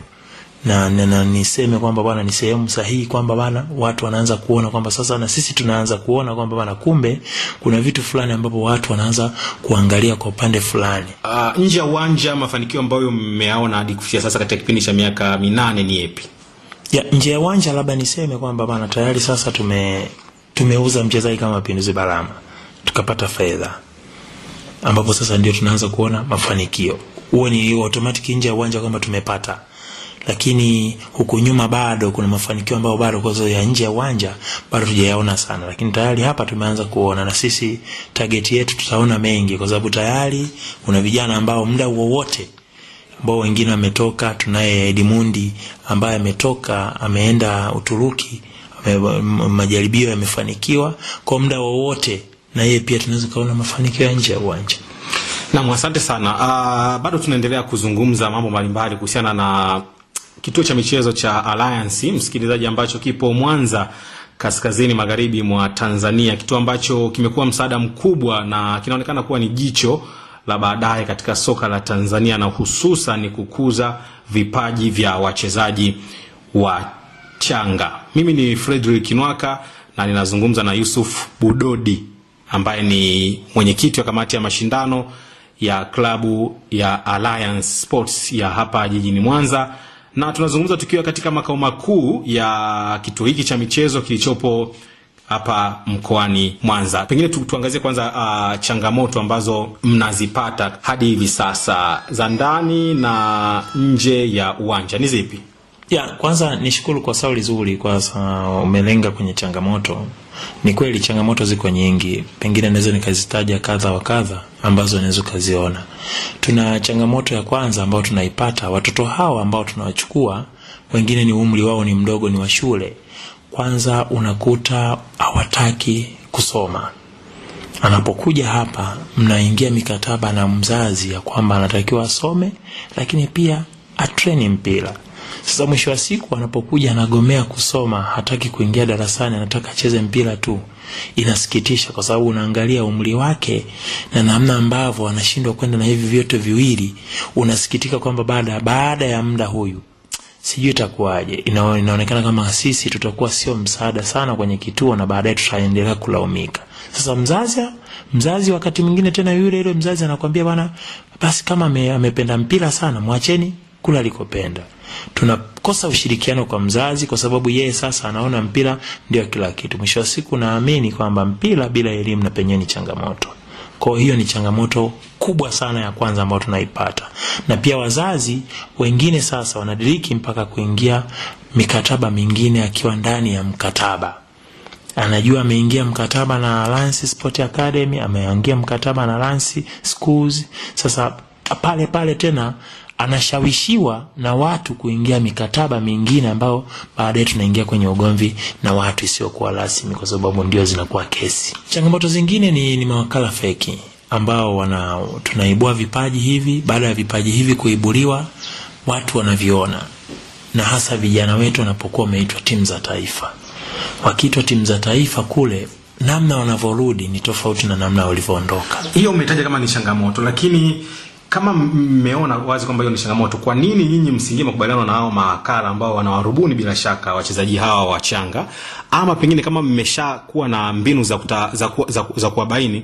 na, na, na niseme kwamba bwana ni sehemu sahihi kwamba bana watu wanaanza kuona kwamba sasa na sisi tunaanza kuona kwamba bana kumbe kuna vitu fulani ambapo watu wanaanza kuangalia kwa upande fulani. Uh, nje ya uwanja mafanikio ambayo mmeaona hadi kufikia sasa katika kipindi cha miaka minane ni yepi? ya nje ya uwanja, labda niseme kwamba bana, tayari sasa tume tumeuza mchezaji kama Pinduzi Balama tukapata fedha, ambapo sasa ndio tunaanza kuona mafanikio. Huo ni automatic nje ya uwanja kwamba tumepata lakini huku nyuma bado kuna mafanikio ambayo bado kwa sababu ya nje ya uwanja bado tujayaona sana, lakini tayari hapa tumeanza kuona, na sisi target yetu tutaona mengi, kwa sababu tayari kuna vijana ambao muda wowote ambao wengine wametoka. Tunaye Edmundi ambaye ametoka ameenda Uturuki, majaribio yamefanikiwa. Kwa muda wowote na yeye pia tunaweza kuona mafanikio ya nje ya uwanja. Naam, asante sana. Uh, bado tunaendelea kuzungumza mambo mbalimbali kuhusiana na kituo cha michezo cha Alliance msikilizaji, ambacho kipo Mwanza kaskazini magharibi mwa Tanzania, kituo ambacho kimekuwa msaada mkubwa na kinaonekana kuwa ni jicho la baadaye katika soka la Tanzania na hususan kukuza vipaji vya wachezaji wa changa Mimi ni Fredrick Kinwaka na ninazungumza na Yusuf Budodi ambaye ni mwenyekiti wa kamati ya mashindano ya klabu ya Alliance Sports ya hapa jijini Mwanza, na tunazungumza tukiwa katika makao makuu ya kituo hiki cha michezo kilichopo hapa mkoani Mwanza. Pengine tu, tuangazie kwanza uh, changamoto ambazo mnazipata hadi hivi sasa za ndani na nje ya uwanja ni zipi? Ya kwanza nishukuru kwa swali zuri, sababu umelenga kwenye changamoto. Ni kweli changamoto ziko nyingi, pengine naweza nikazitaja kadha wa kadha ambazo naweza ukaziona. Tuna changamoto ya kwanza ambayo tunaipata, watoto hawa ambao tunawachukua, wengine ni umri wao ni mdogo, ni wa shule kwanza unakuta hawataki kusoma. Anapokuja hapa, mnaingia mikataba na mzazi ya kwamba anatakiwa asome, lakini pia atreni mpira. Sasa mwisho wa siku anapokuja anagomea kusoma, hataki kuingia darasani, anataka acheze mpira tu. Inasikitisha kwa sababu unaangalia umri wake na namna ambavyo anashindwa kwenda na hivi vyote viwili, unasikitika kwamba baada baada ya muda huyu sijui itakuwaje. Ina, inaonekana kama sisi tutakuwa sio msaada sana kwenye kituo na baadaye tutaendelea kulaumika. Sasa mzazi mzazi wakati mwingine tena yule yule mzazi anakwambia bwana, basi kama me, amependa mpira sana, mwacheni kula alikopenda. Tunakosa ushirikiano kwa mzazi, kwa sababu yeye sasa anaona mpira ndio kila kitu. Mwisho wa siku, naamini kwamba mpira bila elimu na penyeni changamoto. Kwa hiyo ni changamoto kubwa sana ya kwanza ambayo tunaipata, na pia wazazi wengine sasa wanadiriki mpaka kuingia mikataba mingine akiwa ndani ya mkataba anajua ameingia mkataba na Alliance Sport Academy, ameingia mkataba na Alliance Schools. Sasa pale pale tena anashawishiwa na watu kuingia mikataba mingine ambayo baadaye tunaingia kwenye ugomvi na watu isiyokuwa rasmi, kwa sababu ndio zinakuwa kesi. Changamoto zingine ni, ni mawakala feki ambao wana tunaibua vipaji hivi, baada ya vipaji hivi kuibuliwa watu wanaviona, na hasa vijana wetu wanapokuwa wameitwa timu za taifa. Wakiitwa timu za taifa kule namna wanavyorudi ni tofauti na namna walivyoondoka. Hiyo umetaja kama ni changamoto, lakini kama mmeona wazi kwamba hiyo ni changamoto, kwa nini nyinyi msingie makubaliano na hao mawakala ambao wanawarubuni bila shaka wachezaji hawa wachanga, ama pengine kama mmeshakuwa na mbinu za kuta, za, ku, za, za kuwabaini,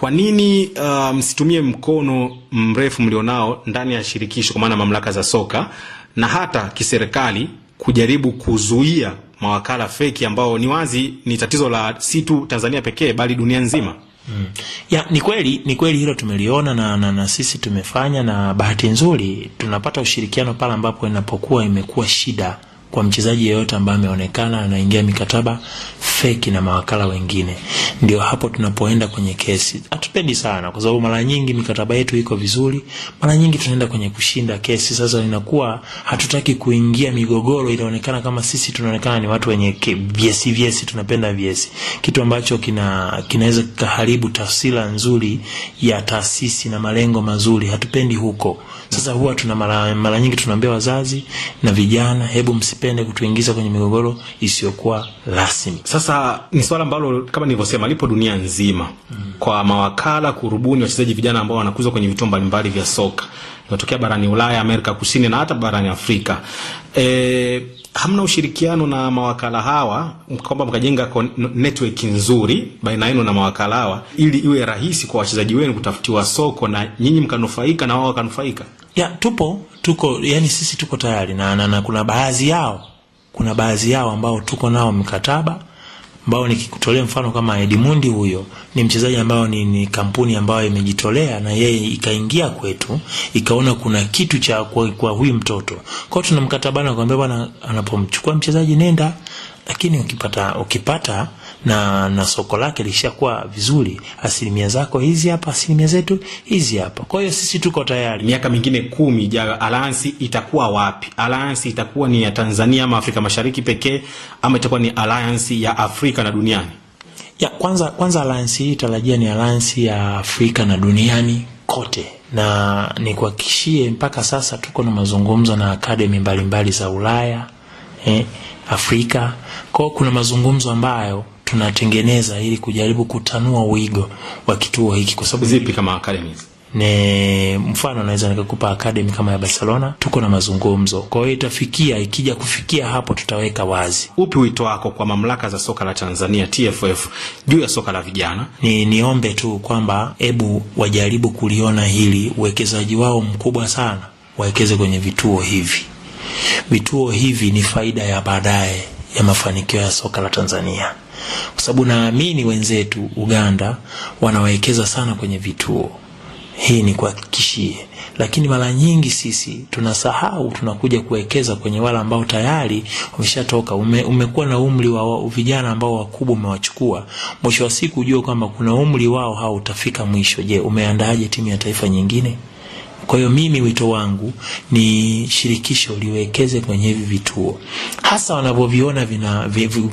kwa nini uh, msitumie mkono mrefu mlionao ndani ya shirikisho, kwa maana mamlaka za soka na hata kiserikali kujaribu kuzuia mawakala feki ambao ni wazi ni tatizo la si tu Tanzania pekee bali dunia nzima? Mm. Ya, ni kweli ni kweli hilo tumeliona na, na, na sisi tumefanya na bahati nzuri tunapata ushirikiano pale ambapo inapokuwa imekuwa shida kwa mchezaji yeyote ambaye ameonekana anaingia mikataba feki na mawakala wengine. Ndio hapo tunapoenda kwenye kesi. Hatupendi sana kwa sababu mara nyingi mikataba yetu iko vizuri, mara nyingi tunaenda kwenye kushinda kesi. Sasa inakuwa hatutaki kuingia migogoro, inaonekana kama sisi tunaonekana ni watu wenye vyesi vyesi, tunapenda vyesi, kitu ambacho kina kinaweza kikaharibu taswira nzuri ya taasisi na malengo mazuri. Hatupendi huko. Sasa huwa tuna mara, mara nyingi tunaambia wazazi na vijana, hebu msipe wasipende kutuingiza kwenye migogoro isiyokuwa rasmi. Sasa ni swala ambalo kama nilivyosema lipo dunia nzima mm. kwa mawakala kurubuni wachezaji vijana ambao wanakuzwa kwenye vituo mbalimbali vya soka, inatokea barani Ulaya, Amerika Kusini na hata barani Afrika e, hamna ushirikiano na mawakala hawa kwamba mkajenga network nzuri baina yenu na mawakala hawa ili iwe rahisi kwa wachezaji wenu kutafutiwa soko na nyinyi mkanufaika na wao wakanufaika? Ya, tupo tuko, yani sisi tuko tayari na, na, na kuna baadhi yao kuna baadhi yao ambao tuko nao mkataba ambao nikikutolea mfano kama Edmundi, huyo ni mchezaji ambao ni, ni kampuni ambayo imejitolea na yeye ikaingia kwetu ikaona kuna kitu cha kwa, kwa huyu mtoto kwao, tunamkatabana kwambia bwana, anapomchukua mchezaji nenda, lakini ukipata ukipata na, na soko lake lishakuwa vizuri, asilimia zako hizi hapa, asilimia zetu hizi hapa. Kwa hiyo sisi tuko tayari. Miaka mingine kumi ijayo alliance itakuwa wapi? Alliance itakuwa ni ya Tanzania ama Afrika Mashariki pekee ama itakuwa ni alliance ya Afrika na duniani? Ya kwanza kwanza, alliance hii tarajia ni alliance ya Afrika na duniani kote na nikuhakikishie, mpaka sasa tuko na mazungumzo na akademi mbalimbali mbali za Ulaya eh, Afrika. Kwa hiyo kuna mazungumzo ambayo tunatengeneza ili kujaribu kutanua wigo wa kituo hiki, kwa sababu zipi kama academies ne mfano naweza nikakupa academy kama ya Barcelona, tuko na mazungumzo. Kwa hiyo itafikia, ikija kufikia hapo tutaweka wazi. Upi wito wako kwa mamlaka za soka la Tanzania TFF juu ya soka la vijana? Ni niombe tu kwamba ebu wajaribu kuliona hili, uwekezaji wao mkubwa sana waekeze kwenye vituo hivi. Vituo hivi ni faida ya baadaye ya mafanikio ya soka la Tanzania kwa sababu naamini wenzetu Uganda wanawekeza sana kwenye vituo, hii ni kuhakikishie. Lakini mara nyingi sisi tunasahau, tunakuja kuwekeza kwenye wale ambao tayari wameshatoka. Ume, umekuwa na umri wa vijana ambao wakubwa umewachukua, mwisho wa siku ujue kwamba kuna umri wao utafika mwisho. Je, umeandaaje timu ya taifa nyingine? Kwa hiyo mimi wito wangu ni shirikisho liwekeze kwenye hivi vituo, hasa wanavyoviona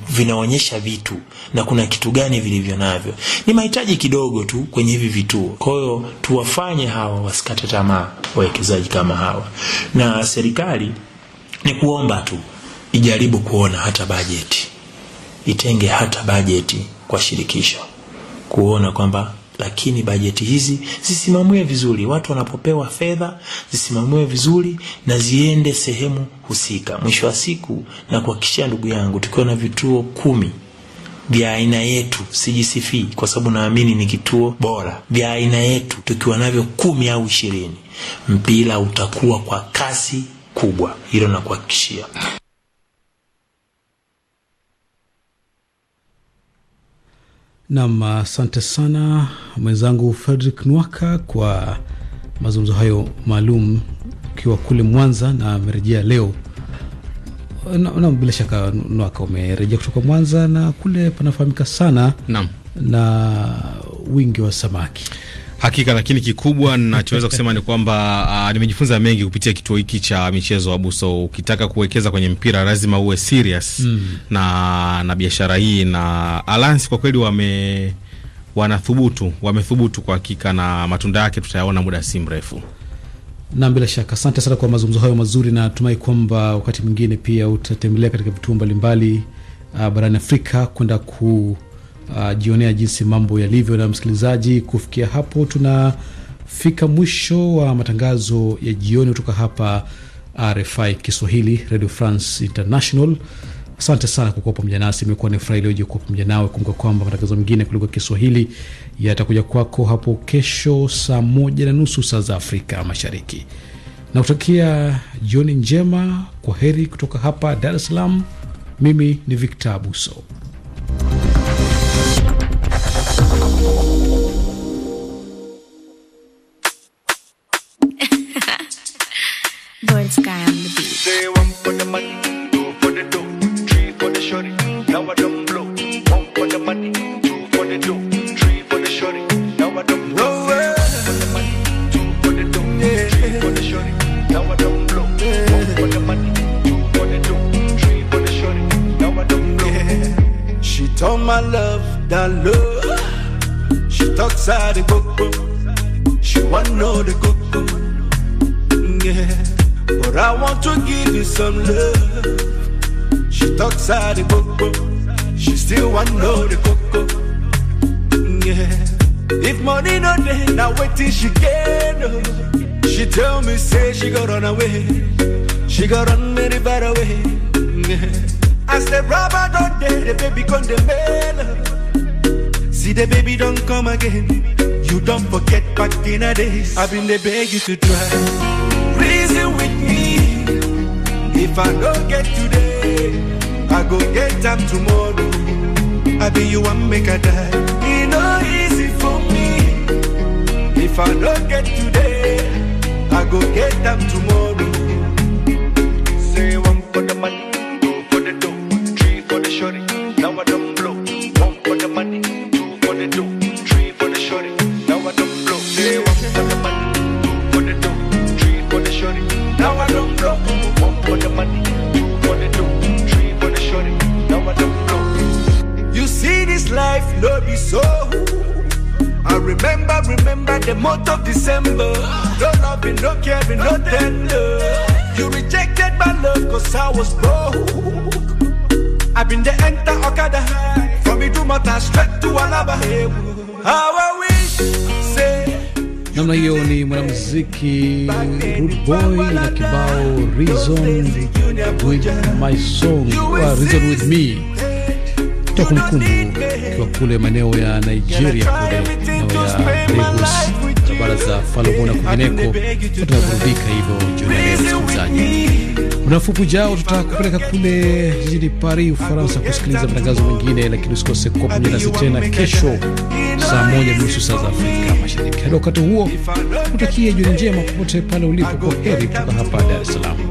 vinaonyesha vina vitu na kuna kitu gani vilivyo navyo. Ni mahitaji kidogo tu kwenye hivi vituo, kwa hiyo tuwafanye hawa wasikate tamaa, wawekezaji kama hawa, na serikali ni kuomba tu ijaribu kuona hata bajeti itenge hata bajeti kwa shirikisho kuona kwamba lakini bajeti hizi zisimamiwe vizuri, watu wanapopewa fedha zisimamiwe vizuri na ziende sehemu husika. Mwisho wa siku, na kuhakikishia ndugu yangu, tukiwa na vituo kumi vya aina yetu, sijisifii kwa sababu naamini ni kituo bora vya aina yetu, tukiwa navyo kumi au ishirini, mpira utakuwa kwa kasi kubwa, hilo nakuhakikishia. Nam, asante sana mwenzangu Fredrik Nwaka kwa mazungumzo hayo maalum ukiwa kule Mwanza na amerejea leo. Nam na, bila shaka Nwaka umerejea kutoka Mwanza na kule panafahamika sana na, na wingi wa samaki. Hakika, lakini kikubwa (laughs) nachoweza kusema ni kwamba uh, nimejifunza mengi kupitia kituo hiki cha michezo Abuso. Ukitaka kuwekeza kwenye mpira lazima uwe serious mm. na, na biashara hii na Alliance kwa kweli wame wanathubutu wamethubutu kwa hakika, na matunda yake tutayaona muda si mrefu. Na bila shaka, asante sana kwa mazungumzo hayo mazuri, na natumai kwamba wakati mwingine pia utatembelea katika vituo mbalimbali uh, barani Afrika kwenda ku uh, jionea jinsi mambo yalivyo. Na msikilizaji, kufikia hapo tunafika mwisho wa matangazo ya jioni kutoka hapa RFI Kiswahili, Radio France International. Asante sana kwa kuwa pamoja nasi. Imekuwa ni furaha leo kuwa pamoja nawe. Kumbuka kwamba matangazo mengine kuliko Kiswahili yatakuja kwako hapo kesho saa moja na nusu saa za Afrika Mashariki. Na kutakia jioni njema. Kwa heri kutoka hapa Dar es Salaam. Mimi ni Victor Abuso. outside the cocoa. She wanna know the cocoa. Yeah, but I want to give you some love. She talks out the cocoa. She still wanna know the cocoa. Yeah, if money no day, now wait till she get. Oh. She tell me say she got run away. She got run very better way. Yeah. I said, Robert, don't dare, the baby, gone the mail. See the baby don't come again. You don't forget back in the days. I've been the beg you to try. Reason with me. If I don't get today, I go get up tomorrow. I be you one make a die. It no easy for me. If I don't get today, I go get up tomorrow. muziki Rude Boy na kibao Reason with my song, ah, Reason with me takumkumbu kwa kule maeneo ya Nigeria kule maeneo ya Lagos, barabara za Falomo na kwingineko, utaburudika hivyo jioni leo msikilizaji. Muda mfupi ujao tutakupeleka kule jijini Paris, Ufaransa, kusikiliza matangazo mengine, lakini usikose kuwa pamoja nasi tena kesho saa moja nusu saa za Afrika Mashariki. Hadi wakati huo, utakie jioni njema popote pale ulipo. Kwa heri kutoka hapa Dar es Salaam.